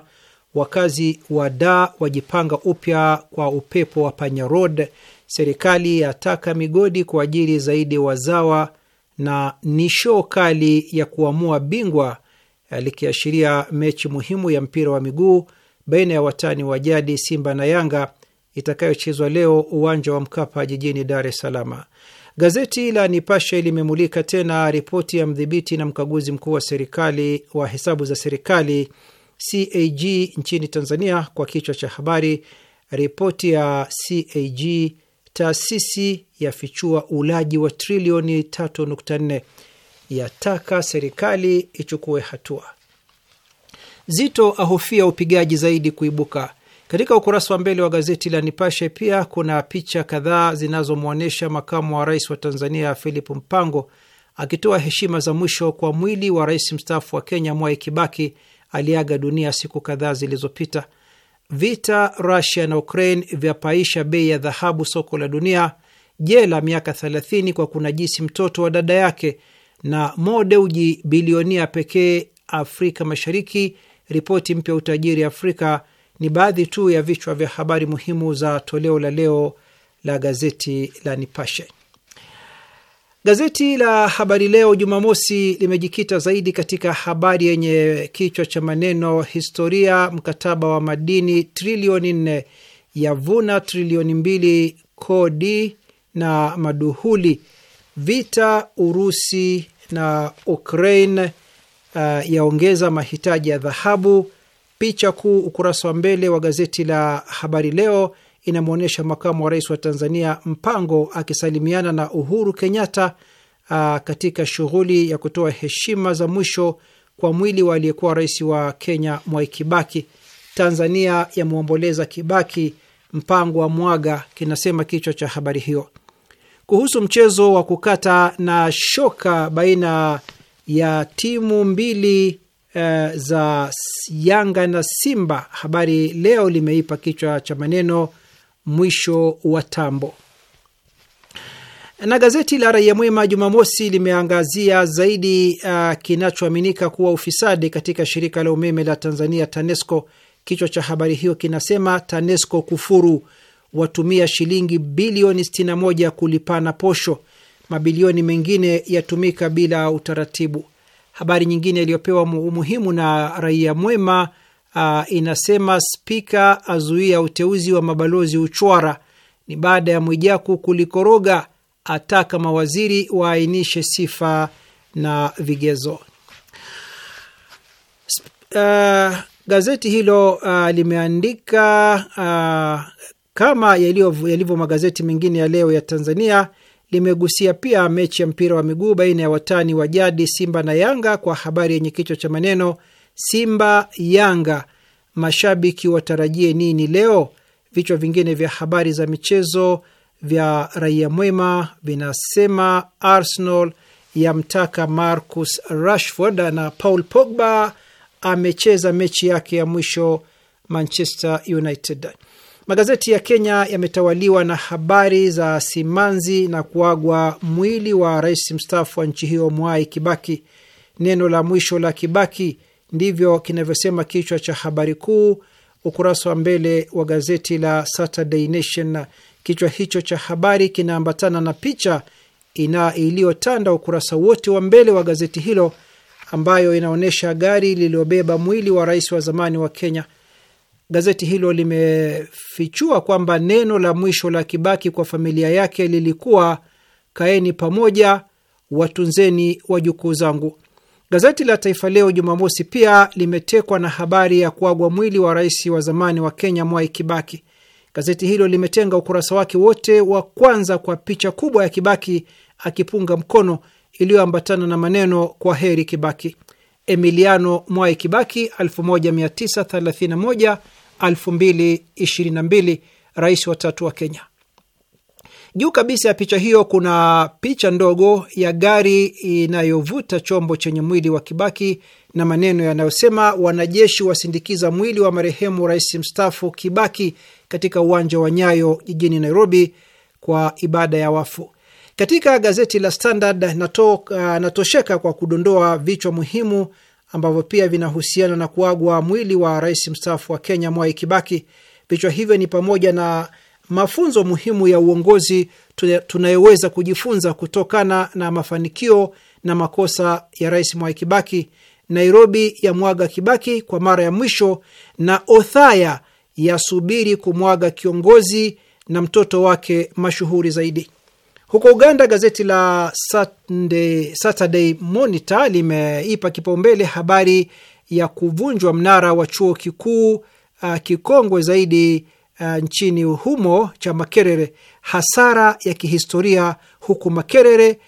wakazi wa Da wajipanga upya kwa upepo wa panya road Serikali yataka migodi kuajiri zaidi wazawa na ni shoo kali ya kuamua bingwa, eh, likiashiria mechi muhimu ya mpira wa miguu baina ya watani wa jadi Simba na Yanga itakayochezwa leo uwanja wa Mkapa jijini Dar es Salaam. Gazeti la Nipashe limemulika tena ripoti ya mdhibiti na mkaguzi mkuu wa serikali wa hesabu za serikali CAG nchini Tanzania kwa kichwa cha habari, ripoti ya CAG taasisi yafichua ulaji wa trilioni 3.4, yataka serikali ichukue hatua. Zito ahofia upigaji zaidi kuibuka. Katika ukurasa wa mbele wa gazeti la Nipashe pia kuna picha kadhaa zinazomwonyesha makamu wa rais wa Tanzania Philip Mpango akitoa heshima za mwisho kwa mwili wa rais mstaafu wa Kenya Mwai Kibaki aliaga dunia siku kadhaa zilizopita vita Rusia na Ukraine vyapaisha bei ya dhahabu soko la dunia, jela miaka 30 kwa kunajisi mtoto wa dada yake, na Mo Dewji bilionia pekee Afrika Mashariki, ripoti mpya utajiri Afrika, ni baadhi tu ya vichwa vya habari muhimu za toleo la leo la gazeti la Nipashe. Gazeti la Habari Leo Jumamosi limejikita zaidi katika habari yenye kichwa cha maneno historia mkataba wa madini trilioni nne yavuna trilioni mbili kodi na maduhuli, vita Urusi na Ukraine uh, yaongeza mahitaji ya dhahabu. Picha kuu ukurasa wa mbele wa gazeti la Habari Leo inamwonyesha makamu wa rais wa Tanzania Mpango akisalimiana na Uhuru Kenyatta katika shughuli ya kutoa heshima za mwisho kwa mwili wa aliyekuwa rais wa Kenya Mwai Kibaki. Tanzania yamwomboleza Kibaki, Mpango wa mwaga, kinasema kichwa cha habari hiyo. Kuhusu mchezo wa kukata na shoka baina ya timu mbili e, za Yanga na Simba, Habari Leo limeipa kichwa cha maneno mwisho wa tambo. Na gazeti la Raia Mwema Jumamosi limeangazia zaidi uh, kinachoaminika kuwa ufisadi katika shirika la umeme la Tanzania, TANESCO. Kichwa cha habari hiyo kinasema TANESCO kufuru, watumia shilingi bilioni 61 kulipana posho, mabilioni mengine yatumika bila utaratibu. Habari nyingine iliyopewa umuhimu na Raia Mwema uh, inasema spika azuia uteuzi wa mabalozi uchwara, ni baada ya Mwijaku kulikoroga, ataka mawaziri waainishe sifa na vigezo. Uh, gazeti hilo uh, limeandika uh, kama yalivyo magazeti mengine ya leo ya Tanzania, limegusia pia mechi ya mpira wa miguu baina ya watani wa jadi Simba na Yanga kwa habari yenye kichwa cha maneno Simba Yanga, mashabiki watarajie nini leo? Vichwa vingine vya habari za michezo vya Raia Mwema vinasema Arsenal yamtaka Marcus Rashford na Paul Pogba amecheza mechi yake ya mwisho Manchester United. Magazeti ya Kenya yametawaliwa na habari za simanzi na kuagwa mwili wa rais mstaafu wa nchi hiyo Mwai Kibaki. Neno la mwisho la Kibaki Ndivyo kinavyosema kichwa cha habari kuu, ukurasa wa mbele wa gazeti la Saturday Nation. Kichwa hicho cha habari kinaambatana na picha ina iliyotanda ukurasa wote wa mbele wa gazeti hilo ambayo inaonyesha gari lililobeba mwili wa rais wa zamani wa Kenya. Gazeti hilo limefichua kwamba neno la mwisho la Kibaki kwa familia yake lilikuwa kaeni pamoja, watunzeni wajukuu zangu. Gazeti la Taifa Leo Jumamosi pia limetekwa na habari ya kuagwa mwili wa rais wa zamani wa Kenya Mwai Kibaki. Gazeti hilo limetenga ukurasa wake wote wa kwanza kwa picha kubwa ya Kibaki akipunga mkono iliyoambatana na maneno kwa heri Kibaki. Emiliano Mwai Kibaki 1931 2022, rais wa tatu wa Kenya. Juu kabisa ya picha hiyo kuna picha ndogo ya gari inayovuta chombo chenye mwili wa Kibaki na maneno yanayosema wanajeshi wasindikiza mwili wa marehemu rais mstaafu Kibaki katika uwanja wa Nyayo jijini Nairobi kwa ibada ya wafu. Katika gazeti la Standard nato, uh, natosheka kwa kudondoa vichwa muhimu ambavyo pia vinahusiana na kuagwa mwili wa rais mstaafu wa Kenya Mwai Kibaki. Vichwa hivyo ni pamoja na mafunzo muhimu ya uongozi tunayoweza kujifunza kutokana na mafanikio na makosa ya Rais Mwai Kibaki, Nairobi ya mwaga Kibaki kwa mara ya mwisho, na Othaya yasubiri kumwaga kiongozi na mtoto wake mashuhuri zaidi. Huko Uganda, gazeti la Saturday, Saturday Monitor limeipa kipaumbele habari ya kuvunjwa mnara wa chuo kikuu uh, kikongwe zaidi Uh, nchini humo cha Makerere, hasara ya kihistoria, huku Makerere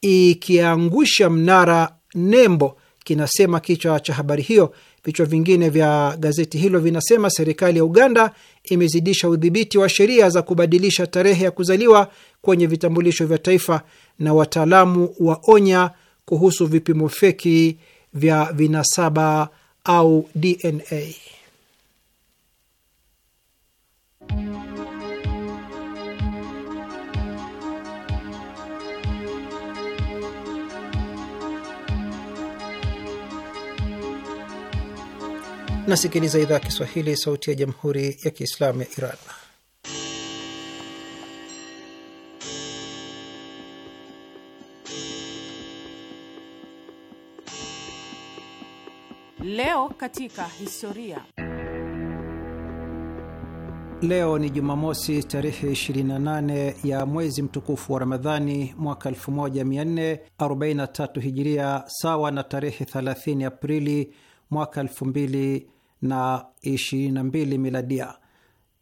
ikiangusha mnara nembo, kinasema kichwa cha habari hiyo. Vichwa vingine vya gazeti hilo vinasema serikali ya Uganda imezidisha udhibiti wa sheria za kubadilisha tarehe ya kuzaliwa kwenye vitambulisho vya taifa, na wataalamu waonya kuhusu vipimo feki vya vinasaba au DNA. Nasikiliza idhaa ya Kiswahili, sauti ya jamhuri ya kiislamu ya Iran. Leo katika historia. Leo ni Jumamosi tarehe 28 ya mwezi mtukufu wa Ramadhani mwaka 1443 Hijiria, sawa na tarehe 30 Aprili mwaka na 22 miladia.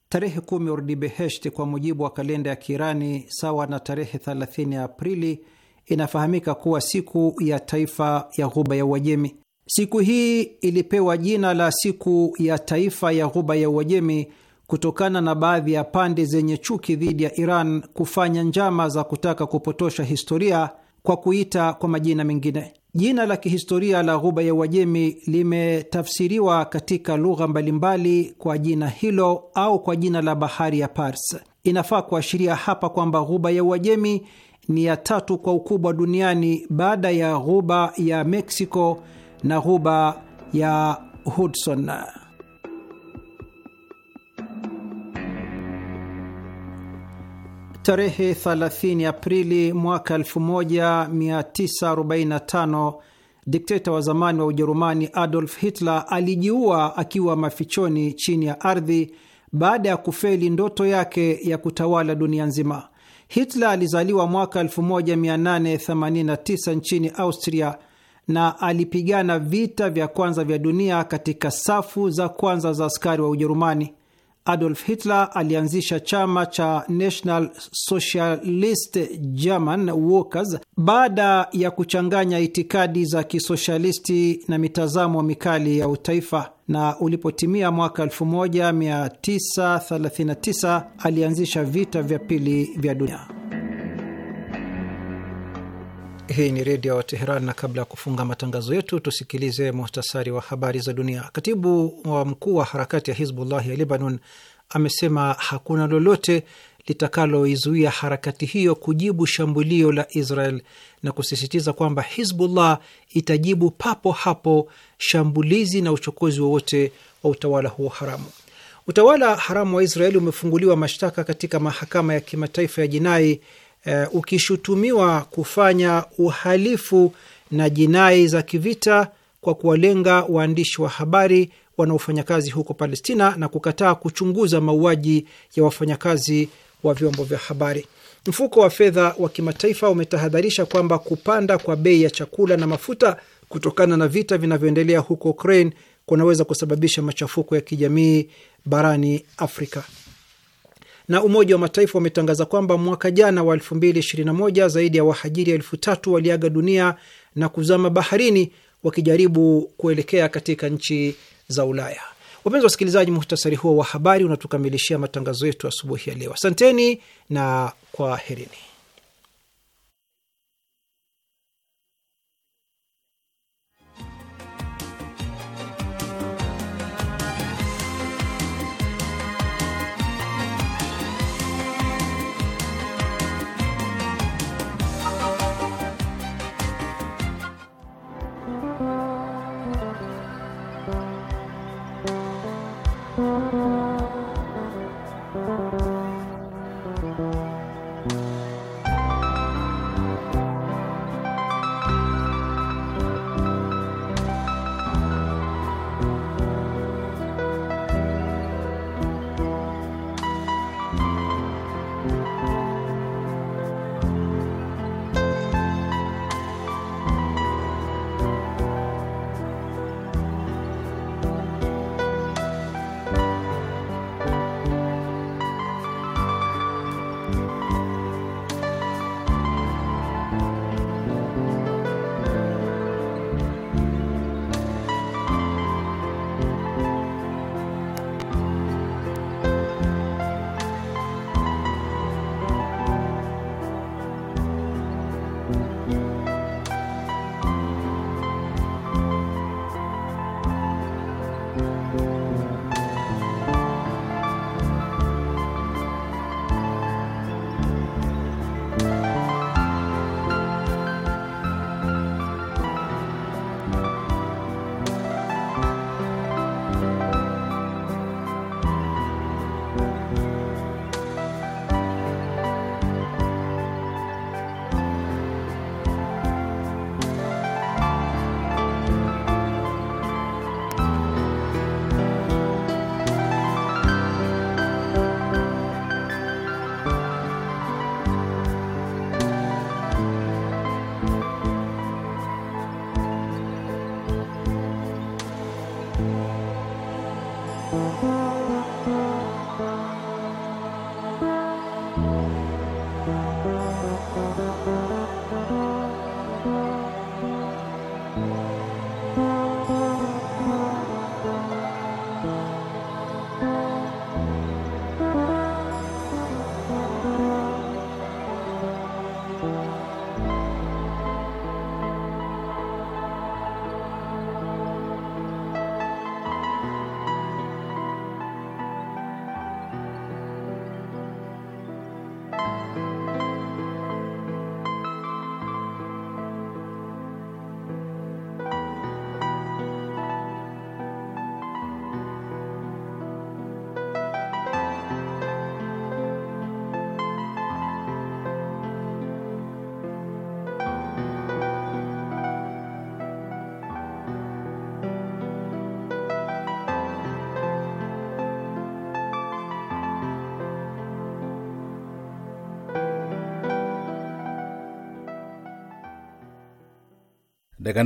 Tarehe 10 Urdibeheshti kwa mujibu wa kalenda ya Kiirani sawa na tarehe 30 Aprili inafahamika kuwa siku ya taifa ya ghuba ya Uajemi. Siku hii ilipewa jina la siku ya taifa ya ghuba ya Uajemi kutokana na baadhi ya pande zenye chuki dhidi ya Iran kufanya njama za kutaka kupotosha historia kwa kuita kwa majina mengine. Jina la kihistoria la ghuba ya Uajemi limetafsiriwa katika lugha mbalimbali kwa jina hilo au kwa jina la bahari ya Pars. Inafaa kuashiria hapa kwamba ghuba ya Uajemi ni ya tatu kwa ukubwa duniani baada ya ghuba ya Meksiko na ghuba ya Hudson. tarehe 30 Aprili mwaka 1945 dikteta wa zamani wa Ujerumani Adolf Hitler alijiua akiwa mafichoni chini ya ardhi baada ya kufeli ndoto yake ya kutawala dunia nzima. Hitler alizaliwa mwaka 1889 nchini Austria na alipigana vita vya kwanza vya dunia katika safu za kwanza za askari wa Ujerumani. Adolf Hitler alianzisha chama cha National Socialist German Workers baada ya kuchanganya itikadi za kisoshalisti na mitazamo mikali ya utaifa, na ulipotimia mwaka 1939 alianzisha vita vya pili vya dunia. Hii ni redio Teheran, na kabla ya kufunga matangazo yetu tusikilize muhtasari wa habari za dunia. Katibu wa mkuu wa harakati ya Hizbullah ya Lebanon amesema hakuna lolote litakaloizuia harakati hiyo kujibu shambulio la Israel na kusisitiza kwamba Hizbullah itajibu papo hapo shambulizi na uchokozi wowote wa utawala huo haramu. Utawala haramu wa Israeli umefunguliwa mashtaka katika mahakama ya kimataifa ya jinai eh, ukishutumiwa kufanya uhalifu na jinai za kivita kwa kuwalenga waandishi wa habari wanaofanya kazi huko Palestina na kukataa kuchunguza mauaji ya wafanyakazi wa vyombo vya habari. Mfuko wa Fedha wa Kimataifa umetahadharisha kwamba kupanda kwa bei ya chakula na mafuta kutokana na vita vinavyoendelea huko Ukraine kunaweza kusababisha machafuko ya kijamii barani Afrika na Umoja wa Mataifa umetangaza kwamba mwaka jana wa 2021 zaidi ya wahajiri elfu tatu waliaga dunia na kuzama baharini wakijaribu kuelekea katika nchi za Ulaya. Wapenzi wasikilizaji, muhtasari huo wa habari unatukamilishia matangazo yetu asubuhi ya leo. Asanteni na kwaherini.